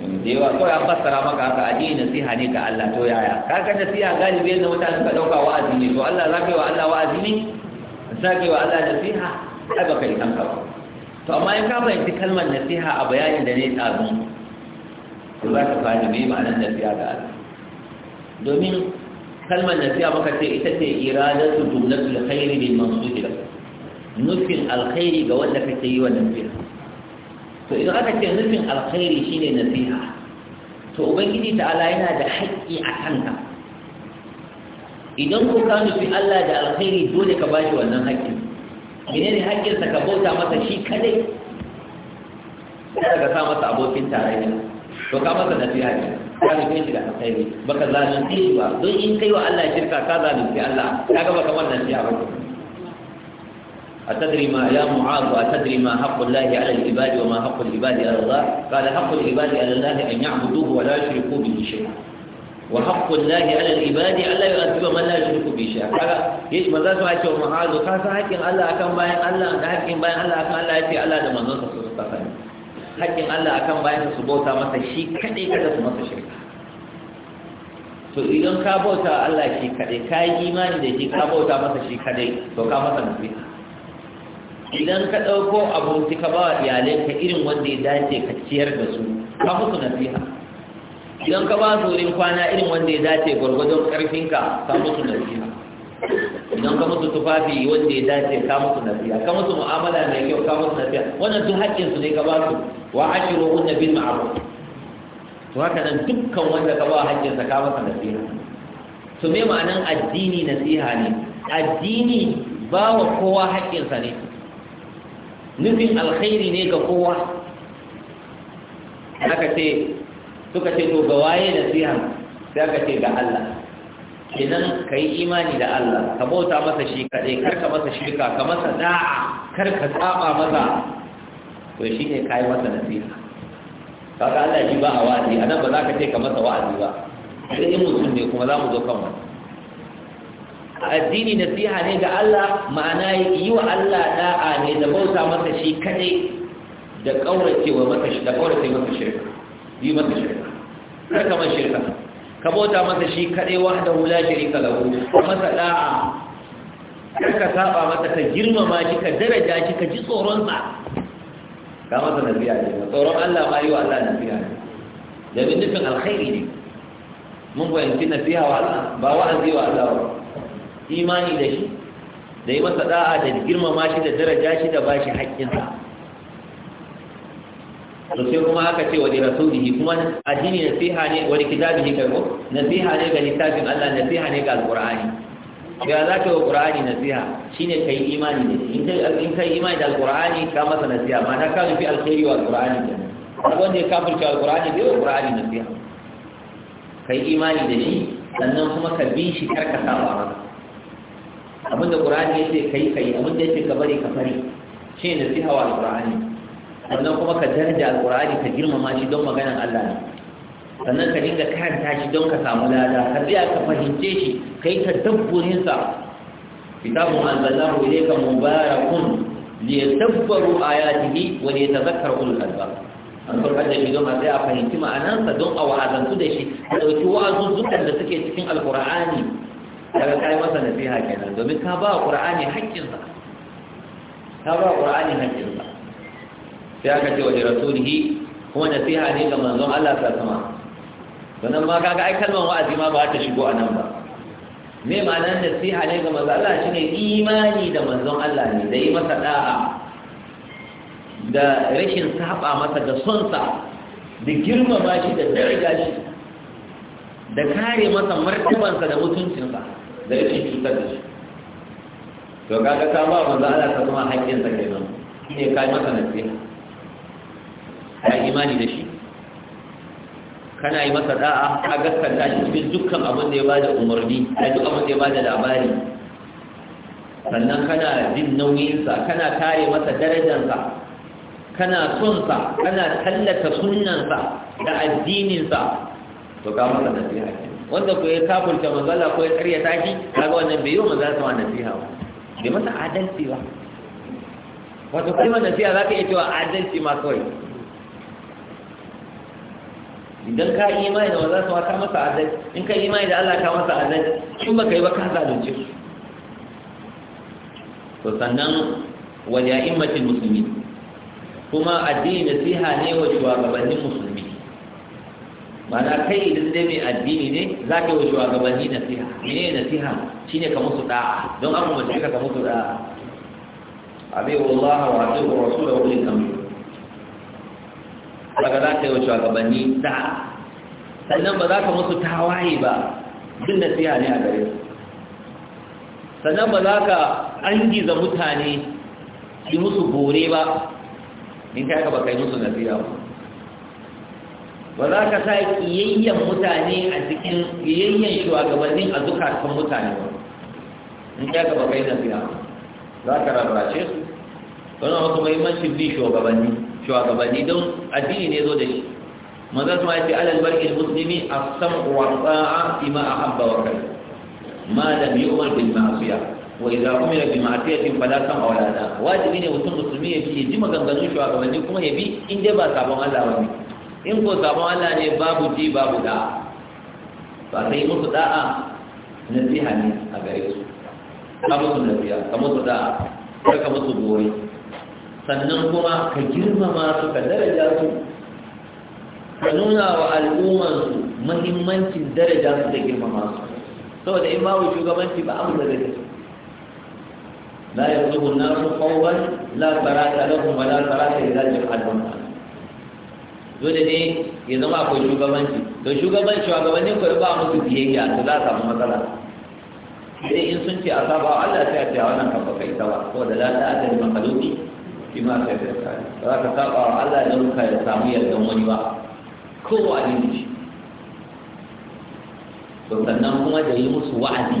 su da yawa kawai an fassara maka haka addini nasiha ne ga Allah to yaya kaga nasiha galibi yadda mutane ka ɗauka wa'azi ne to Allah zaka yi wa Allah wa'azi ne zaka yi wa Allah nasiha ai baka kai kanka ba to amma in ka fahimci kalmar nasiha a bayanin da ne tsazun to za ka fahimci me ma'anar nasiha ga Allah domin kalmar nasiha maka ce ita ce iradatu jumlatul khairi lil mansuhi lahu nufin alkhairi ga wanda kake yi wa nasiha to idan aka ce nufin alkhairi shine nasiha to ubangiji ta'ala yana da haƙƙi a kanka idan ko ka nufi Allah da alkhairi dole ka bashi wannan haƙƙin menene haƙƙinsa ka bauta masa shi kadai Sai ka sa masa abokin tarayya to ka masa nasiha ne ɗalibai shi da alkhairi ba ka zalunce shi ba don in kai wa Allah shirka ka zalunce Allah ka ga baka wannan shi a baki a tadri ma ya mu'adu a tadri ma haƙƙun lahi ala al'ibadi wa ma haƙƙun ibadi ibadi ala Allah an ya abudu wa la wa haƙƙun lahi ala al'ibadi Allah ya azuba man la shirku bi shi ka ga su ake mu'adu ka san haƙƙin Allah akan bayan Allah da haƙƙin bayan Allah akan Allah yace Allah da manzon sa sallallahu haƙƙin Allah akan bayan su bauta masa shi kaɗai kada su masa shirka to idan ka bauta Allah shi kaɗai ka yi imani da shi ka bauta masa shi kaɗai to ka masa nasiha idan ka ɗauko abinci ka ba wa ka irin wanda ya dace ka ciyar da su ka musu nasiha idan ka ba su wurin kwana irin wanda ya dace gwargwadon ƙarfinka ka musu nasiha idan ka musu tufafi wanda ya dace ka musu nasiya ka mutu mu'amala mai kyau ka musu nasiya wannan duk haƙƙin su ne ka ba su wa ashiru na bin ma'ruf to haka nan dukkan wanda ka ba haƙƙin sa ka masa nasiha to me ma'anan addini nasiha ne addini ba wa kowa haƙƙin sa ne nufin alkhairi ne ga kowa haka ce suka ce to ga waye nasiha sai aka ce ga Allah kenan ka yi imani da Allah ka bauta masa shi kaɗai kar ka masa shirka ka masa da'a kar ka tsaba masa to shi ne ka yi masa nasiha kaga Allah shi ba a wa'azi a nan ba za ka ce ka masa wa'azi ba sai in mutum ne kuma za mu zo kan wani addini nasiha ne ga Allah ma'ana yi wa Allah da'a ne da bauta masa shi kaɗai da ƙaurace wa masa da ƙaurace masa shirka yi masa shirka kar ka masa shirka ka bauta masa shi kaɗai wahdahu la sharika lahu masa da'a kar ka saba masa ka girmama shi ka daraja shi ka ji tsoron sa ka masa nabiya ne tsoron Allah ma yi wa Allah nabiya ne da bin nufin alkhairi ne mun fahimci nasiha wa Allah ba wa'azi wa Allah ba imani da shi da yi masa da'a da girmama shi da daraja shi da bashi haƙƙinsa to sai kuma aka ce wa rasulihi kuma addini nasiha ne wa kitabihi kai ko nasiha ne ga littafin Allah nasiha ne ga alqur'ani ya za ka wa qur'ani nasiha shine kai imani ne in kai in kai imani da alqur'ani ka masa nasiha ma na ka fi alkhairi wa alqur'ani ne wanda ya kafirce alqur'ani bai wa qur'ani nasiha kai imani da shi sannan kuma ka bi shi karka saba masa abinda qur'ani yace kai kai abinda ce ka bari ka bari shine nasiha wa alqur'ani sannan kuma ka daraja Alƙur'ani ka girmama shi don maganan Allah ne sannan ka dinga karanta shi don ka samu lada ka tsaya ka fahimce shi kai ta dabburin sa kitabun anzalahu ilayka mubarakun liyadabbaru ayatihi wa liyatadhakkaru ulul albab an farkar da shi don a tsaya a fahimci ma'anansa don a wa'azantu da shi ka ɗauki wa'azuzzukan da suke cikin Alƙur'ani, daga kai masa nasiha kenan domin ka ba wa ƙur'ani haƙƙinsa ka ba wa qur'ani haƙƙinsa sai aka ce wajen da rasulihi kuma nasiha ne ga manzon Allah ta sama sannan ma kaga ai kalman wa'azi ma ba ta shigo a nan ba me ma'anar nasiha ne ga manzon Allah shine imani da manzon Allah ne da yi masa da'a da rashin saba masa da son sa da girmama shi da daraja shi da kare masa sa da mutuncinsa da rashin cutar da shi to kaga ka ba manzon Allah ta kuma haƙƙin sa kenan ne kai masa nasiha ka yi imani da shi kana yi masa da'a a gaskata shi cikin dukkan abin da ya bada umarni da duk abin da ya bada labari sannan kana jin nauyinsa kana kare masa darajansa kana sunsa kana tallata sunnansa da addininsa to ka masa nasiha wanda ko ya kafurta manzala ko ya karya tashi kaga wannan bai yi wa manzala sama nasiha ba bai masa adalci ba wato kalmar nasiha za ka iya cewa adalci ma kawai idan ka yi imani da wanzan sama ka masa adalci in ka yi imani da Allah ka masa adalci in ka yi ba ka zalunce su to sannan wa ya'immatil musulmi. kuma addini nasiha ne wa shugabannin musulmi na kai idan dai mai addini ne za ka yi wa shugabanni nasiha mene nasiha shine ka musu da'a don abu mace ka ka musu da'a abin wallaha wa wasu da wani amr daga za ka yi wa shugabanni da sannan ba za ka musu tawaye ba jin nasiha ne a gare su sannan ba za ka an giza mutane yi musu gore ba in ka yaka ba kai musu nasiha ba ba za ka sa ƙiyayyen mutane a cikin ƙiyayyen shugabannin a zukatan mutane ba in ka yaka ba kai nasiha ba za ka rarrace su wannan wasu muhimmancin bi shugabanni shugabanni don addini ne zo da shi manzo kuma yace alal barki muslimi a samu a ima a ahabba wa kai ma lam yu'mar bin ma'siya wa idza umira bi ma'siyatin fala sam'a wa la ta'a wajibi ne mutum musulmi ya fi ji maganganun shugabanni kuma ya bi in dai ba sabon Allah ba ne in ko sabon Allah ne babu ji babu da'a ba sai musu da'a nasiha ne a gare su kamusu musu nasiha ka musu da'a ka musu gore sannan kuma ka girmama su ka daraja su ka nuna wa al'ummarsu muhimmancin daraja su da girmama su saboda in babu shugabanci ba abu da zai la yazuhu nasu qawlan la tarata lahum wa la yi idza al'umma. dole ne ya zama akwai shugabanci don shugabanci wa gabanin ku ba musu biyayya to za a samu matsala sai in sun ce a sabawa Allah sai a ce a wannan kafa kai sawa saboda la ta'ata li makhluqi shi ma sai da tsari ba za ka saba wa Allah da ruka ya samu yardan wani ba kowa ne to sannan kuma da yi musu wa'azi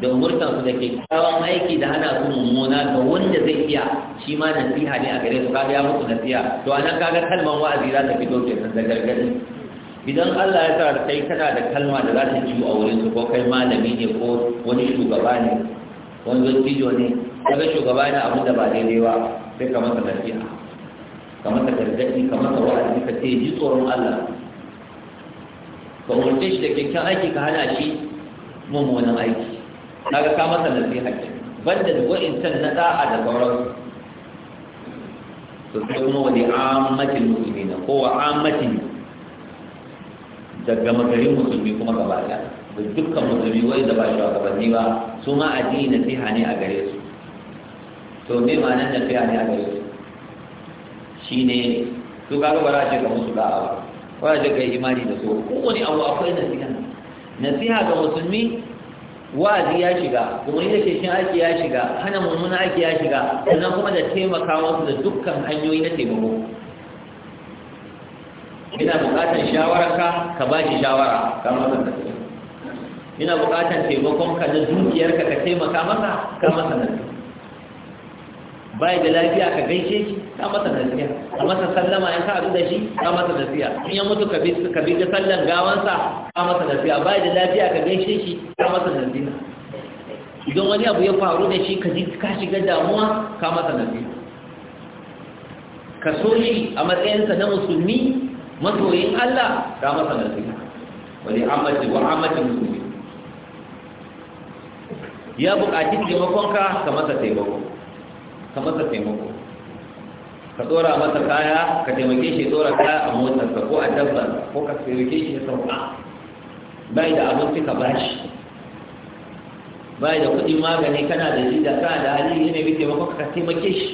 da umurtan su da ke kawon aiki da hana su mummuna ga wanda zai iya shi ma nasiha ne a gare su ka ya musu nasiha to anan kaga kalman wa'azi za ta fito ke da gargadi idan Allah ya tsara kai kana da kalma da za ta ji a wurin su ko kai malami ne ko wani shugaba ne wani dattijo ne daga shugaba yana abin da ba daidai ba sai ka masa nasiha ka masa gargaɗi ka masa wa'azi ka teji tsoron Allah ka umarce shi da kyakkyawan aiki ka hana shi mummunan aiki kaga ka masa nasiha ke banda da wa'incan na da'a da sauran su. sai kuma wani ammatin musulmi na ko ammatin daga magarin musulmi kuma gaba ɗaya da dukkan musulmi wai da ba shugabanni ba su ma addini nasiha ne a gare su to me ma nan tafiya ne a gare su shi ne su ga ba za a ce ga musu da'a ba ba za ce ka yi imani da su kowane abu akwai nasiha nasiha ga musulmi wa'azi ya shiga kuma da ke shin aiki ya shiga hana mummuna aiki ya shiga sannan kuma da taimaka wasu da dukkan hanyoyi na taimako ina bukatar shawararka ka ba shi shawara ka da ina bukatar ka na dukiyarka ka taimaka masa ka masa bai da lafiya ka gaishe shi ka masa nasiya a masa sallama in ka abu da shi ka masa nasiya in ya mutu ka bi ta sallan gawansa ka masa nasiya bai da lafiya ka gaishe shi ka masa nasiya idan wani abu ya faru da shi ka ji ka shiga damuwa ka masa nasiya ka so shi a matsayinsa na musulmi masoyin Allah ka masa nasiya wani amati wa amati musulmi ya buƙaci taimakonka ka masa taimako ka masa taimako ka tsora masa kaya ka taimake shi tsora kaya a motarsa ko a dabbar ko ka taimake shi ya sauka bai da abinci ka bashi bai da kuɗin magani kana da shi da kana da hali yana bi taimako ka taimake shi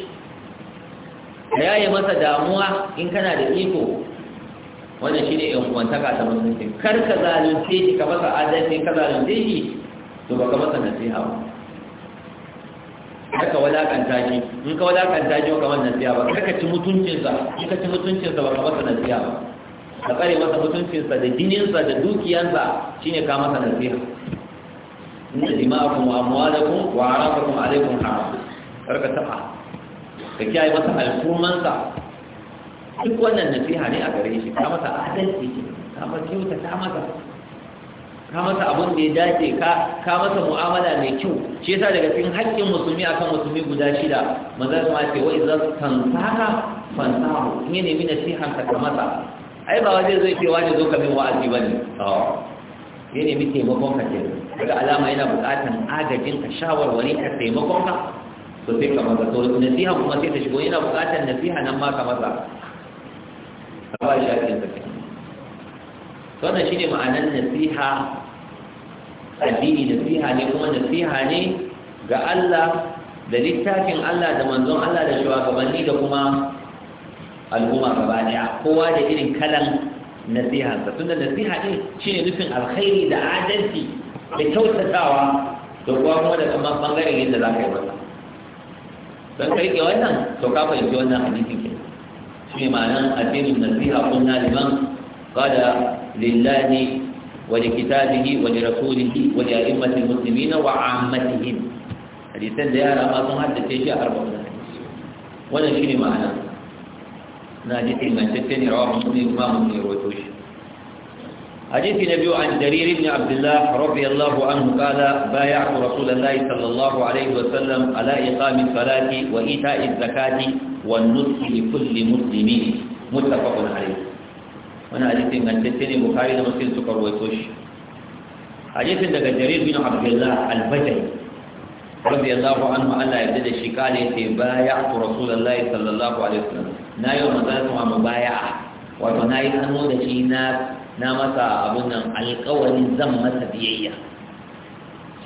ka yaye masa damuwa in kana da iko wannan shi ne yankuwantaka ta musulunci kar ka zalunce shi ka masa adalci ka zalunce shi to ba ka masa nasiha ba ka walakanta shi in ka walakanta shi baka wannan siya ba ka ci mutuncinsa in ka ci mutuncinsa ka masa siya ba ka tsare masa mutuncinsa da jininsa da dukiyansa shine ka masa nasiha inna dima'akum wa amwalakum wa arafakum alaikum haram karka taɓa. ka kiyaye masa alfumansa duk wannan nasiha ne a gare shi ka masa adalci ka masa kyauta ta masa ka masa abin da ya dace ka ka masa mu'amala mai kyau shi yasa daga cikin haƙƙin musulmi akan musulmi guda shida maza ma ce wa saka san fansahu in ya nemi nasihan ka ka masa ai ba waje zai ce waje zo ka min wa'azi bane ya nemi taimakon ka ce daga alama yana buƙatan agajin ka shawarwari ka taimakon ka to sai ka masa to nasiha kuma sai ta shigo yana buƙatan nasiha nan ma ka masa ka ba shi haƙƙin ka wannan shine ma'anar nasiha addini nasiha ne kuma nasiha ne ga Allah da littafin Allah da manzon Allah da shugabanni da kuma al'umma gaba kowa da irin kalan nasiha tunda nasiha din shine nufin alkhairi da adalci da kyautatawa da kuma kuma da kuma bangaren yadda za ka yi wannan don kai ke wannan to ka fahimci wannan hadisi ke shi ne ma'anar addinin nasiha kunna liman da. لله ولكتابه ولرسوله ولأئمة المسلمين وعامتهم حديثان زيارة ما تنهد تشيء أربعون حديث ولا شيء معنا ناجد إن تتني رواه مسلم ما من يروتوش حديث نبي عن جرير بن عبد الله رضي الله عنه قال بايعت رسول الله صلى الله عليه وسلم على إقام الصلاة وإيتاء الزكاة والنصح لكل مسلمين متفق عليه wani hadisi ingantacce ne bukari da muslim suka rawaito shi hadisin daga jarir bin abdullah al-bajali radiyallahu anhu Allah ya da shi kale yace bay'atu rasulullahi sallallahu alaihi wasallam na yi manzon sa mubaya'a wato na yi hannu da shi na na masa abun nan alƙawarin zan masa biyayya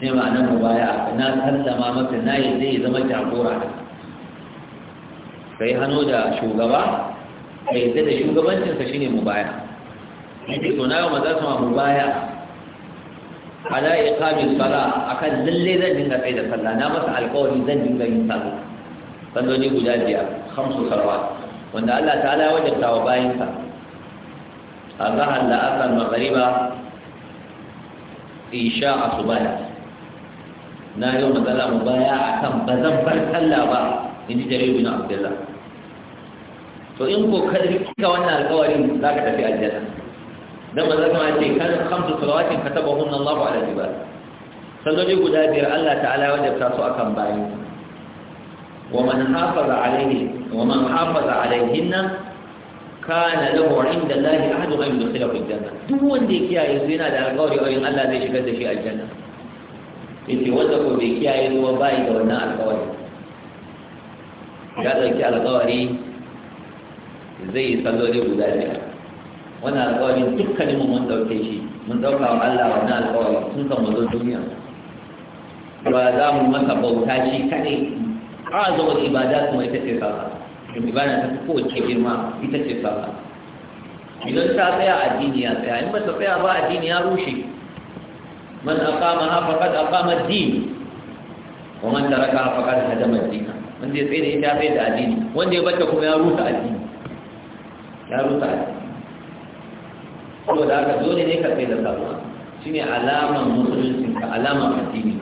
sai ma nan mubaya'a na sallama masa na yi zai zama jagora kai hannu da shugaba ka yadda da shugabancinsa shine mubaya yake to na yau maza su ma mubaya ala iqamin sala akan lalle zan dinga kai da sallah na masa alƙawari zan dinga yin sallah salloli guda biyar khamsu salawat wanda Allah ta'ala ya wajabta wa bayinsa azhar la asar maghriba isha asubaya na yau maza mu baya akan bazan bar sallah ba in ji jarir bin abdullah to in ko ka rika wannan alƙawarin za ka tafi aljanna dan manzo kuma ce kan khamsu salawatin katabahunna Allahu ala jibal salloli guda biyar Allah ta'ala ya wajabta su akan bayi wa man hafaza alaihi wa man hafaza alaihinna kana lahu inda Allah ahadu an yudkhilahu aljanna duk wanda ya kiyaye su yana da alƙawari a yin Allah zai shigar da shi aljanna yace wanda ko bai kiyaye ruwa bai da wannan alƙawari ya dauki alƙawari zai yi salloli guda biyar wannan alƙawarin dukkanin mu mun ɗauke shi mun ɗauka wa Allah wannan alƙawari sun kan mazo duniya ba za mu masa bauta shi kaɗai a zuwa ibada kuma ita ce sallah ibada ta fi kowace girma ita ce sallah idan ta tsaya a addini ya tsaya in ba ta tsaya ba addini ya rushe man aqamaha faqad aqama ad-din wa man tarakaha faqad hadama ad-din wanda ya tsaye da ita bai da addini wanda ya bata kuma ya rusa addini ya rusa a saboda haka dole ne ka kai da sabuwa shine alaman musulunci ka alaman addini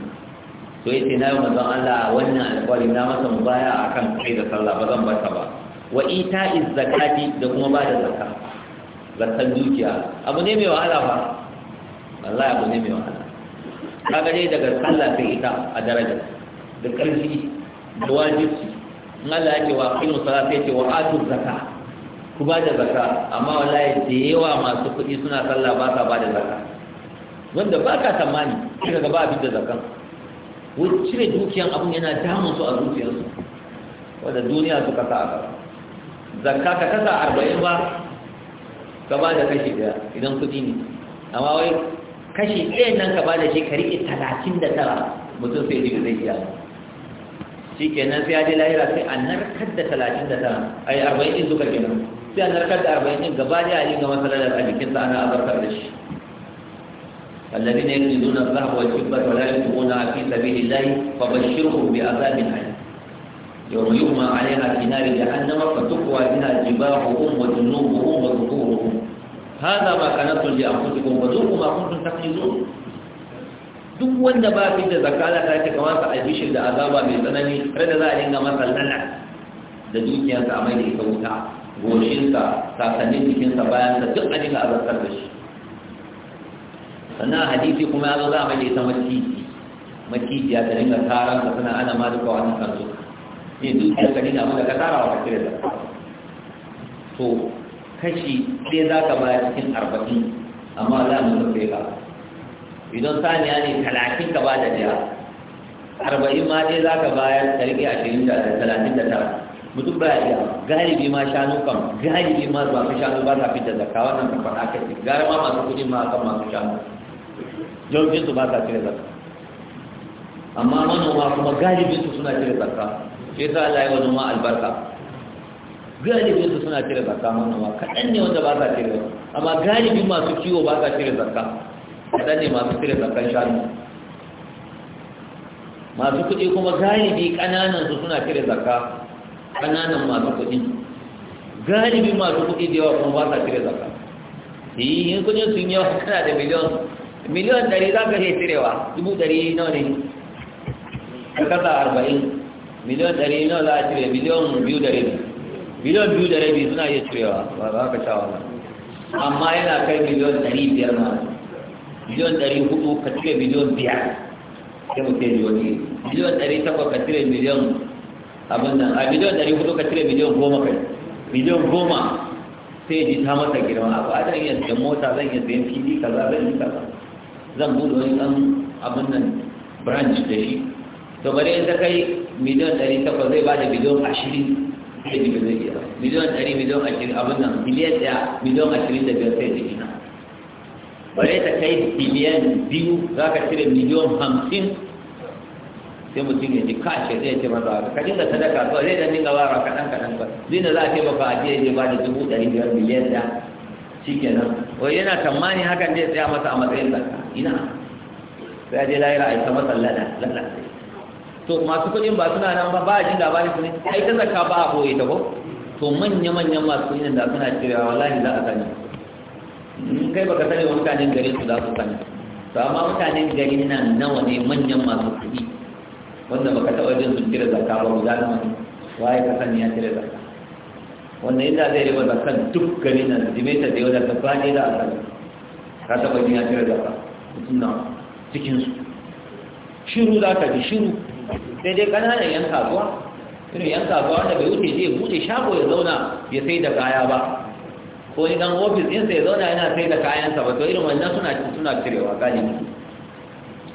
to yace na yi manzon Allah wannan alƙawari na masa mubaya akan kai da sallah ba zan bata ba wa ita'iz zakati da kuma ba da zakka zakkan dukiya abu ne mai wahala ba wallahi abu ne mai wahala kaga dai daga sallah sai ita a daraja da ƙarfi da wajibi in Allah ya ce wa aqimu salata ya ce wa atu zakata ku ba da zaka amma wallahi da yawa masu kuɗi suna sallah ba sa ba da zaka wanda ba ka tsammani sai daga ba abin da zakan wani cire dukiyan abun yana damun su a zuciyarsu wanda duniya suka sa a gaba zakka ka kasa arba'in ba ka ba da kashi ɗaya idan kuɗi ne amma wai kashi ɗayan nan ka ba da shi ka riƙe talatin da tara mutum sai ji zai iya shi kenan sai ya je lahira sai a narkar da talatin da tara a yi arba'in suka kenan sai a narkar da arba'in din gaba da yi ga masalar a sa ana abarkar da shi الذين يكنزون الذهب والفضة ولا ينفقونها في سبيل الله فبشرهم بعذاب أليم يوم يغمى عليها في نار جهنم فتقوى بها جباههم وجنوبهم وظهورهم هذا ما كنتم kuma وذوقوا ما كنتم تكنزون duk wanda ba fi da zakala ta ce kamata a bi da azaba mai tsanani kada za a dinga masa lana da dukiyarsa a mai da ita wuta goshinsa sasannin jikinsa bayansa duk a dinga azabtar da shi sannan hadisi kuma ya zo za a mai da ita maciji maciji ya tarin dinga taron da suna ana ma wani kanzu ne duk da ka dinga da ka tara wa ka cire da to kashi sai za ka baya cikin arba'in amma za mu kai ka idan saniya ne talatin ka ba da daya arba'in ma sai za ka baya ka rike ashirin da talatin da tara mutum ba ya galibi ma shanu kan galibi ma masu shanu ba ta fi da wannan nan faɗa ka ce gari ma masu kuɗi ma kan masu shanu yawancin su ba ta cire zaka amma manoma kuma galibi su suna cire zaka shi yasa Allah ya wani ma albarka galibi su suna cire zakka manoma kaɗan ne wanda ba ta cire amma galibi masu kiwo ba ta cire zaka kaɗan ne masu cire zakkan shanu masu kuɗi kuma galibi ƙananan su suna cire zakka ƙananan masu kuɗi galibi masu kuɗi da yawa kuma ba sa cire zaka yi eh, in kuɗin sun yi yawa kana da miliyon miliyon ɗari za ka iya cirewa dubu ɗari nawa ne ka kasa arba'in miliyon ɗari nawa za a cire miliyon biyu da rabi miliyon biyu da rabi suna iya cirewa ba za ka sha wala amma yana kai miliyon ɗari biyar ma miliyon ɗari hudu ka cire miliyon biyar sai mu ce miliyon ɗari takwas ka cire miliyon abin nan a miliyan ɗari hudu ka cire miliyan goma kai miliyan goma sai ji ta masa girma a a zan iya siyan mota zan iya siyan fili kaza zan yi kaza zan buɗe wani ɗan abin nan branch da shi to bari in ta kai miliyan ɗari takwas zai ba da miliyan ashirin sai ji ba zai iya miliyan ɗari miliyan ashirin abin nan miliyan ɗaya miliyan ashirin da biyar sai ji ina bare ta kai biliyan biyu za ka cire miliyan hamsin sai mutum ya ji kashe zai ce maza haka ka dinga sadaka kawai zai dan dinga ra kaɗan kaɗan ba zai da za a ce a je ya ba da dubu ɗari biyar miliyan da shi nan wai yana tamani hakan zai tsaya masa a matsayin zaka ina sai je lahira a yi ta masa lada to masu kuɗin ba suna nan ba ba a jin labarin su ne ai ta zaka ba a koyi ta ko to manya-manyan masu kuɗin da suna cewa wallahi za a sani in kai baka sani wa mutanen garin su za su sani to amma mutanen garin nan nawa ne manyan masu kuɗi wanda baka taɓa jin sun kira zakka ba guda nawa ne waye ka sani ya kira zakka wanda yadda zai riba zakka duk gari na dimeta da yau da zakka ne da asali ka taɓa jin ya kira zakka mutum na cikinsu shiru za ka ji shiru sai dai ƙananan yan kasuwa irin yan kasuwa wanda bai wuce zai buɗe shago ya zauna ya sai da kaya ba ko ni dan ofis ɗinsa ya zauna yana sai da kayansa ba to irin wannan suna suna cirewa galibi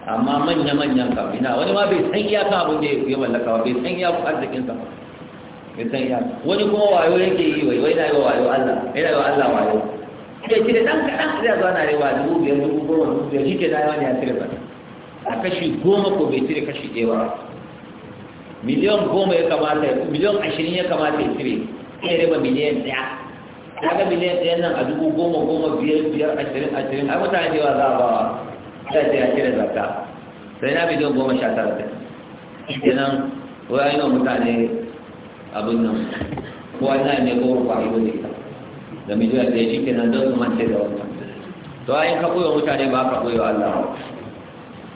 amma manya-manyan kafina wani ma bai san iyaka abin da ya mallaka ba bai san iyaka arzikin sa bai san iyaka wani kuma wayo yake yi wai wai na yi wa wayo Allah yana yi wa Allah wayo da shi da ɗan kaɗan zai zo ana rewa dubu biyar dubu goma dubu biyar shi ke da yawan ya cire ba a kashi goma ko bai cire kashi ɗaya ba miliyan goma ya kamata miliyan ashirin ya kamata ya cire sai riba miliyan ɗaya kaga miliyan ɗaya nan a dubu goma goma biyar biyar ashirin ashirin ai mutane da yawa za a ba sai ce ya sai na bidiyon goma sha tara da kenan mutane abin nan ko yi ne ko kwayo ne da miliyan ɗaya shi kenan don su da to ayin ka koyo mutane ba ka koyo Allah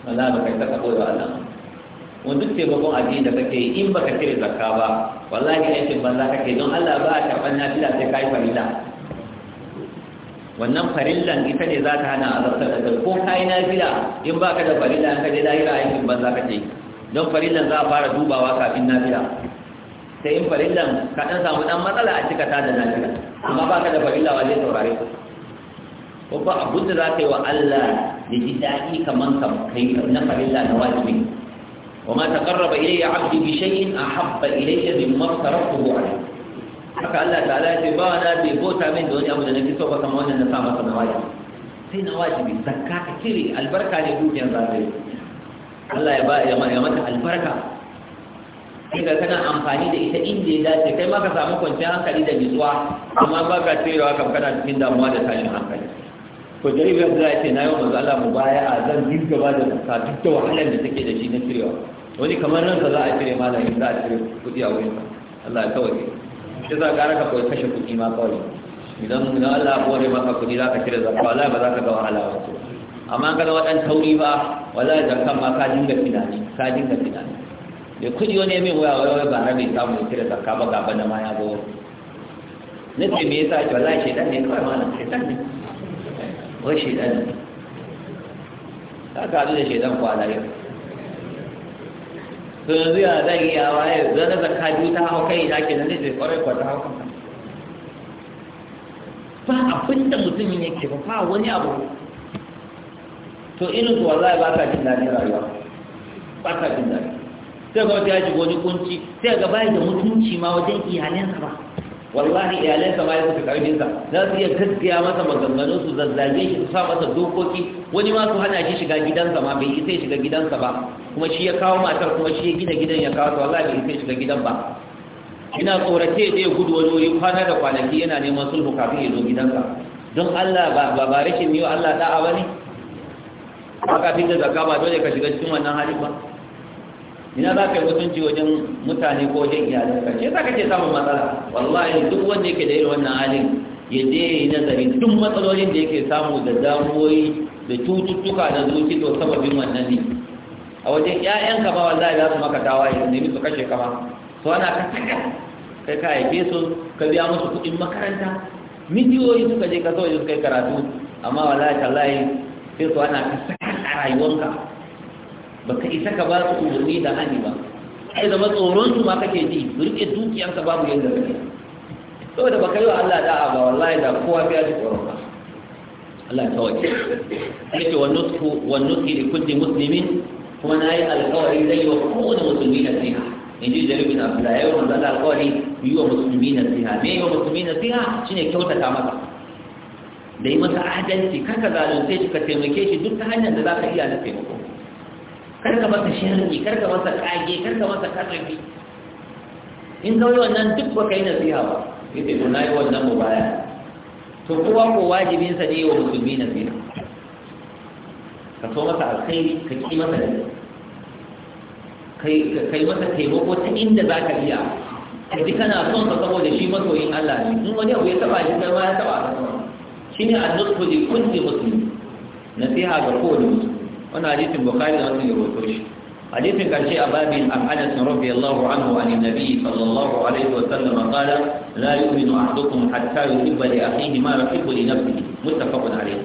Allah ba kai ka koyo Allah wanda duk taimakon addini da kake yi in baka kira zakka ba wallahi aikin banza kake don Allah ba a karɓar nafila sai yi farida wannan farillan ita ne za ta hana azabtar da kai kayi na nafila in ba ka da farilla an kaje lahira aikin ban za ka ce don farillan za a fara dubawa kafin na nafila sai in farillan ka dan samu ɗan matsala a cika ta da nafila amma baka da farilla wa zai saurare ka ko ba abun da za ka yi wa Allah da ji daɗi kamar kam kai na farilla na wajibi وما تقرب إلي عبدي بشيء أحب إلي مما افترضته عليه haka Allah ta'ala ya ce ba na bai bota min da wani abu da na fi so ba kamar wannan na sa masa na wajibi sai na wajibi zakka ka cire albarka ne dukiyar zagaye Allah ya ba ya mata albarka sai ka kana amfani da ita inda ya dace kai ma ka samu kwanciyar hankali da nutsuwa amma ba ka wa kam kana cikin damuwa da tashin hankali ko da ibn Abdullah ce na yi wa mazala mu baya a zan dinga ba da zakka duk da wahalar da take da shi na cirewa wani kamar nan za a cire malamin za a cire kudi a wurin Allah ya kawai shi za gara ka kawai kashe kuɗi ma kawai idan idan Allah ya kore maka kuɗi za ka cire zakka wallahi ba za ka ga wahala ba amma ka ga wadan tauri ba wallahi zakka ma ka dinga tunani ka dinga tunani da kuɗi wani mai waya waya ba na mai samu cire zakka ba ga da ma ya zo na ce me yasa wallahi shedan ne kawai malam shedan ne wai shedan ne ka ga da shedan kwana yau to yanzu yana zan iya wa eh, ya zana zakka biyu ta hau kai ke nan ne kwarai kwata hau kan ba abin da mutum yake ba ba wani abu to irin to wallahi ba ka jin daɗin rayuwa ba ka jin dadi. sai ga wata ya shiga wani kunci sai ga bayan da mutunci ma wajen iyalinsa ba wallahi iyalansa ma ya suka sa za su iya gaskiya masa maganganun su zazzage shi su sa masa dokoki wani ma su hana shi shiga gidansa ma bai isa shiga gidansa ba kuma shi ya kawo matar kuma shi ya gina gidan ya kawo ta wallahi bai isa shiga gidan ba ina tsorace da ya gudu wani wuri kwana da kwanaki yana neman sulhu kafin ya zo gidansa don Allah ba ba ba rashin yi wa Allah da'a bane ba kafin da zakka ba dole ka shiga cikin wannan hali ba ina za ka yi mutunci wajen mutane ko wajen Ka ce za ka ce samun matsala wallahi duk wanda yake da irin wannan halin ya je ya yi nazari duk matsalolin da yake samu da damuwoyi da cututtuka da zuci to sababin wannan ne a wajen ƴaƴanka ba wallahi za su maka tawaye ya nemi su kashe kama su ana ka saka kai ka haife su ka biya musu kuɗin makaranta miliyoyi suka je ka sauye suka yi karatu amma wallahi tallahi sai su ana ka saka a rayuwanka baka isa ka ba su umarni da hannu ba ai zama tsoron su ma kake ji rike dukiyanka babu yanda kake saboda baka yi wa Allah da'a ba wallahi da kowa ya ji tsoron ba Allah ta wace yake wa nutfu wa nutfi li kulli kuma na yi alƙawari zai yi wa kowane musulmi nasiha in ji jaribi na Abdullah ya yi wa manzan alƙawari yi wa musulmi nasiha me yi wa musulmi nasiha shine kyautata masa da yi masa adalci kaka zalunce shi ka taimake shi duk ta hanyar da za ka iya na taimako karka masa sharri karka masa kage karka masa karfi in kawai wannan duk baka yi nasiha ba yace to nayi wannan mu baya to kowa ko wajibin sa ne wa musulmi na nasiha ka so masa alkhairi ka ki masa da kai kai masa taimako ta inda za ka iya ka ji kana son ka saboda shi masoyin Allah ne in wani abu ya taba shi kai ma ya taba shi ne an nutfu li kulli musulmi? nasiha ga kowane musulmi wannan hadisin bukhari da muslim rawaito shi hadisin karshe a babin an anas radiyallahu anhu an nabi sallallahu alaihi wa sallam qala la yu'minu ahadukum hatta yuhibba li akhihi ma yuhibbu li nafsihi muttafaqun alayh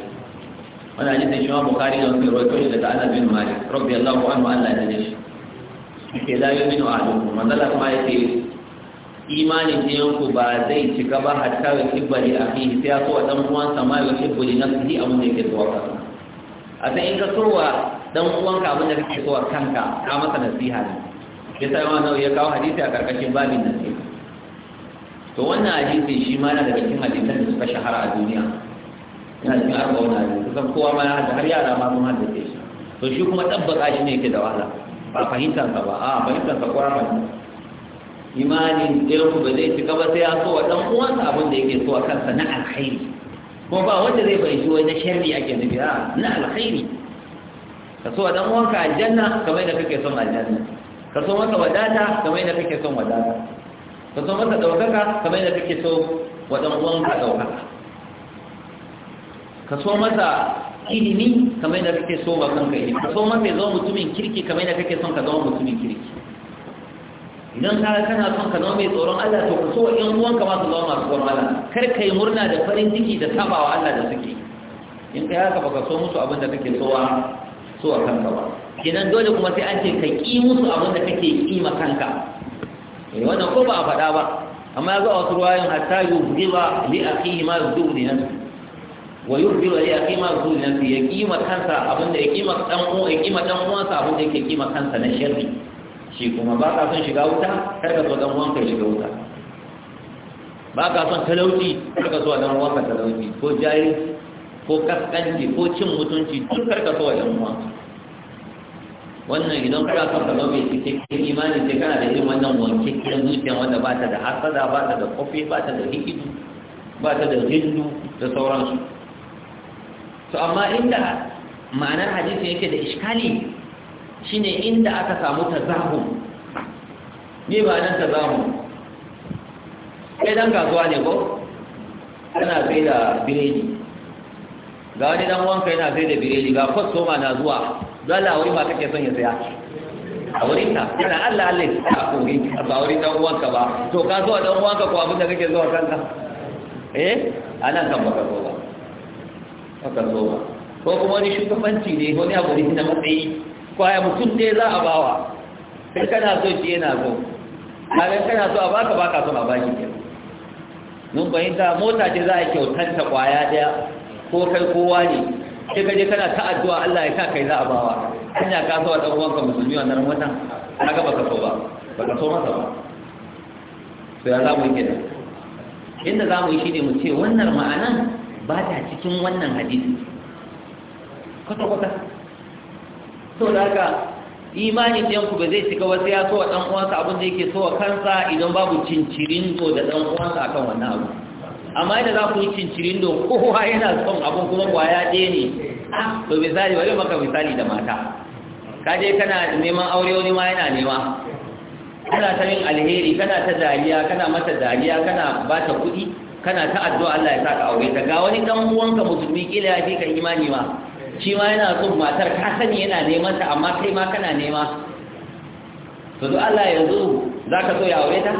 wannan hadisin shi ma bukhari da muslim rawaito shi da anas bin malik radiyallahu anhu Allah ya dace shi ke la yu'minu ahadukum manzala kuma yake imanin ɗiyanku ba zai cika ba hatta yuhibba li akhihi sai ya so dan uwansa ma yuhibbu li nafsihi abun da yake zuwa kansa a san in ka sowa dan uwanka abin da kake sowa kanka ka masa nasiha ne ya sai ma nau ya kawo hadisi a karkashin babin nasiha to wannan hadisi shi ma yana daga cikin hadisan da suka shahara a duniya yana cikin arba wani hadisi kusan kowa ma ya hada har yara ma sun haddace shi to shi kuma tabbata shi ne yake da wahala ba fahimtar ka ba a fahimtar ka kwara fahimta imanin ɗayan ku ba zai cika ba sai ya so wa ɗan uwansa abin da yake so a kansa na alkhairi ko ba wanda zai bai wai na sharri ake nufi a na alkhairi ka so dan uwanka aljanna kamar da kake son aljanna ka so masa wadata kamar da kake son wadata ka so masa daukaka kamar da kake so wa dan uwanka daukaka ka so masa ilimi kamar da kake so wa kanka ilimi ka so masa zo mutumin kirki kamar da kake son ka zama mutumin kirki idan ka kana son ka zama mai tsoron Allah to ku so in uwanka ma su zama masu tsoron Allah kar ka yi murna da farin ciki da sabawa Allah da suke in kai haka baka so musu abin da kake sowa a kanka ba kenan dole kuma sai an ce ka ki musu abin da kake ki ma kanka eh wannan ko ba a faɗa ba amma ya zo a wasu ruwayan hatta yubghiba li akhihi ma yubghibu li wa yubghiba li akhihi ma yubghibu li ya ki ma kansa abin da ya ki ma dan uwa ya ki ma dan sa abin da yake ki ma kansa na sharri shi kuma ba ka son shiga wuta kar ka so dan wanka ya shiga wuta ba ka son talauci kar ka so dan wanka talauci ko jayi ko kaskanci ko cin mutunci duk kar ka so dan wanka wannan idan ka son ka zama mai cikin imani sai kana da irin wannan kira zuciya wanda ba ta da hasada ba ta da kofi ba ta da hikidu ba ta da hindu da sauransu to amma inda ma'anar hadisi yake da iskali ne inda aka samu ta zahu me ba nan ta zahu dan kasuwa ne ko Ana sai da biredi ga wani dan wanka yana sai da biredi ga ma na zuwa zala wuri ba kake son ya saya a wurin ka yana Allah Allah ya sa A ba wurin dan uwanka ba to ka zuwa dan uwanka ko abin da kake zuwa kanka eh anan kan baka zo ba baka zo ba ko kuma wani shugabanci ne wani abu ne na matsayi kwaya mutum ne za a bawa sai kana so shi yana so kaga kana so a baka baka so a baki ke mun bayyana mota ce za a kyautanta kwaya daya ko kai kowa ne sai kaje kana ta addu'a Allah ya sa kai za a bawa kana ka so dan uwanka musulmi wannan wannan kaga baka so ba baka so masa ba sai Allah mu yi kenan inda zamu yi shine mu ce wannan ma'anan ba ta cikin wannan hadisi kwata kwata so da haka imanin ku ba zai shiga wasu ya so wa ɗan uwansa abin da yake so wa kansa idan babu cincirin do da ɗan uwansa akan wannan abu amma idan za ku yi cincirin do kowa yana son abin kuma kwaya ɗaya ne ah, to misali bari maka misali da mata ka je kana neman aure wani ma yana nema kana ta yin alheri kana ta dariya kana mata dariya kana ba ta kuɗi kana ta addu'a Allah ya sa ka aure ta ga wani dan uwanka musulmi kila ya fi ka imani ma shi ma yana son matar ka sani yana neman ta amma kai ma kana nema to duk Allah yanzu zaka so ya aure ta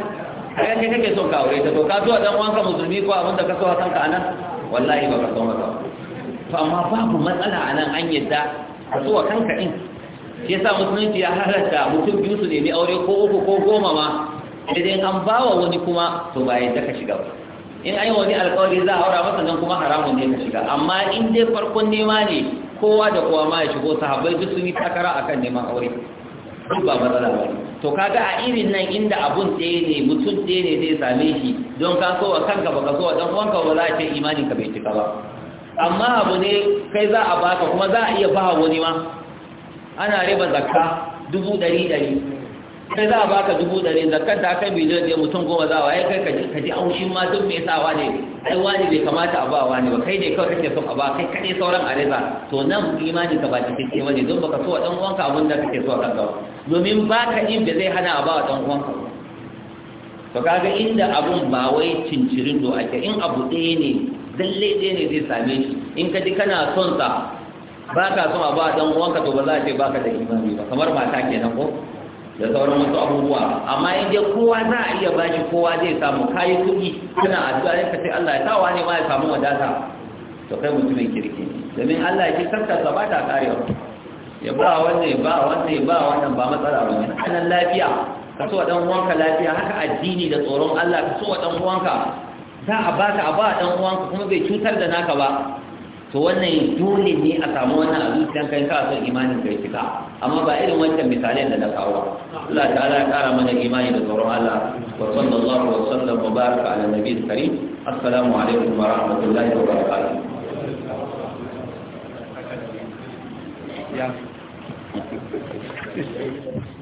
kai kake son ka aure ta to ka zuwa dan uwanka musulmi ko abin da ka so san ka anan wallahi ba ka so ba to amma babu matsala anan an yadda ka so kanka din shi yasa musulunci ya halarta mutum biyu su nemi aure ko uku ko goma ma idan an bawa wani kuma to ba yadda ka shiga ba in an yi wani alkawari za a haura masa nan kuma haramun ne ka shiga amma in dai farkon nema ne kowa da kowa ma ya shigo sahabbai duk sun yi takara akan neman aure duk ba matsala ba to kaga a irin nan inda abun ɗaya ne mutum ɗaya ne zai same shi don ka so wa kanka baka so dan uwanka ba za a ce imanin ka bai cika ba amma abu ne kai za a baka kuma za a iya ba wani ma ana riba zakka dubu ɗari ɗari sai za a baka dubu ɗari zakar ta kai biliyan ɗaya mutum goma za a waye kai ka ji wushin ma duk mai sa wane ai wani bai kamata a ba a wani ba kai ne kawai kake son a ba kai kaɗai sauran a riba to nan imani ka ba cikakke ba ne don baka so a ɗan uwanka abin da kake so a kanka domin ba ka in da zai hana a ba a ɗan uwanka to kaga inda abun ba wai cincirin do ake in abu ɗaya ne lalle ɗaya ne zai same shi in ka ji kana son sa ba ka son a ba ɗan uwanka to ba za a ce ba ka da imani ba kamar mata kenan ko da wani wasu abubuwa amma in dai kowa za a iya bashi kowa zai samu kayi kuɗi suna addu'a ne ka sai Allah ya sa ne ma ya samu wadata to kai mutumin kirki domin Allah ya ce sa ba ta karewa ya ba wannan ya ba wannan ya ba wannan ba matsala ba ne anan lafiya ka so dan uwanka lafiya haka addini da tsoron Allah ka so dan uwanka za a baka a ba dan uwanka kuma bai cutar da naka ba to wannan dole ne a samu wannan a zuciyan kai ka son imanin kai cika amma ba irin wancan misalin da na kawo Allah ta'ala ya kara mana imani da tsoron Allah wa sallallahu wa sallam wa baraka ala nabiyil karim assalamu alaikum wa rahmatullahi wa barakatuh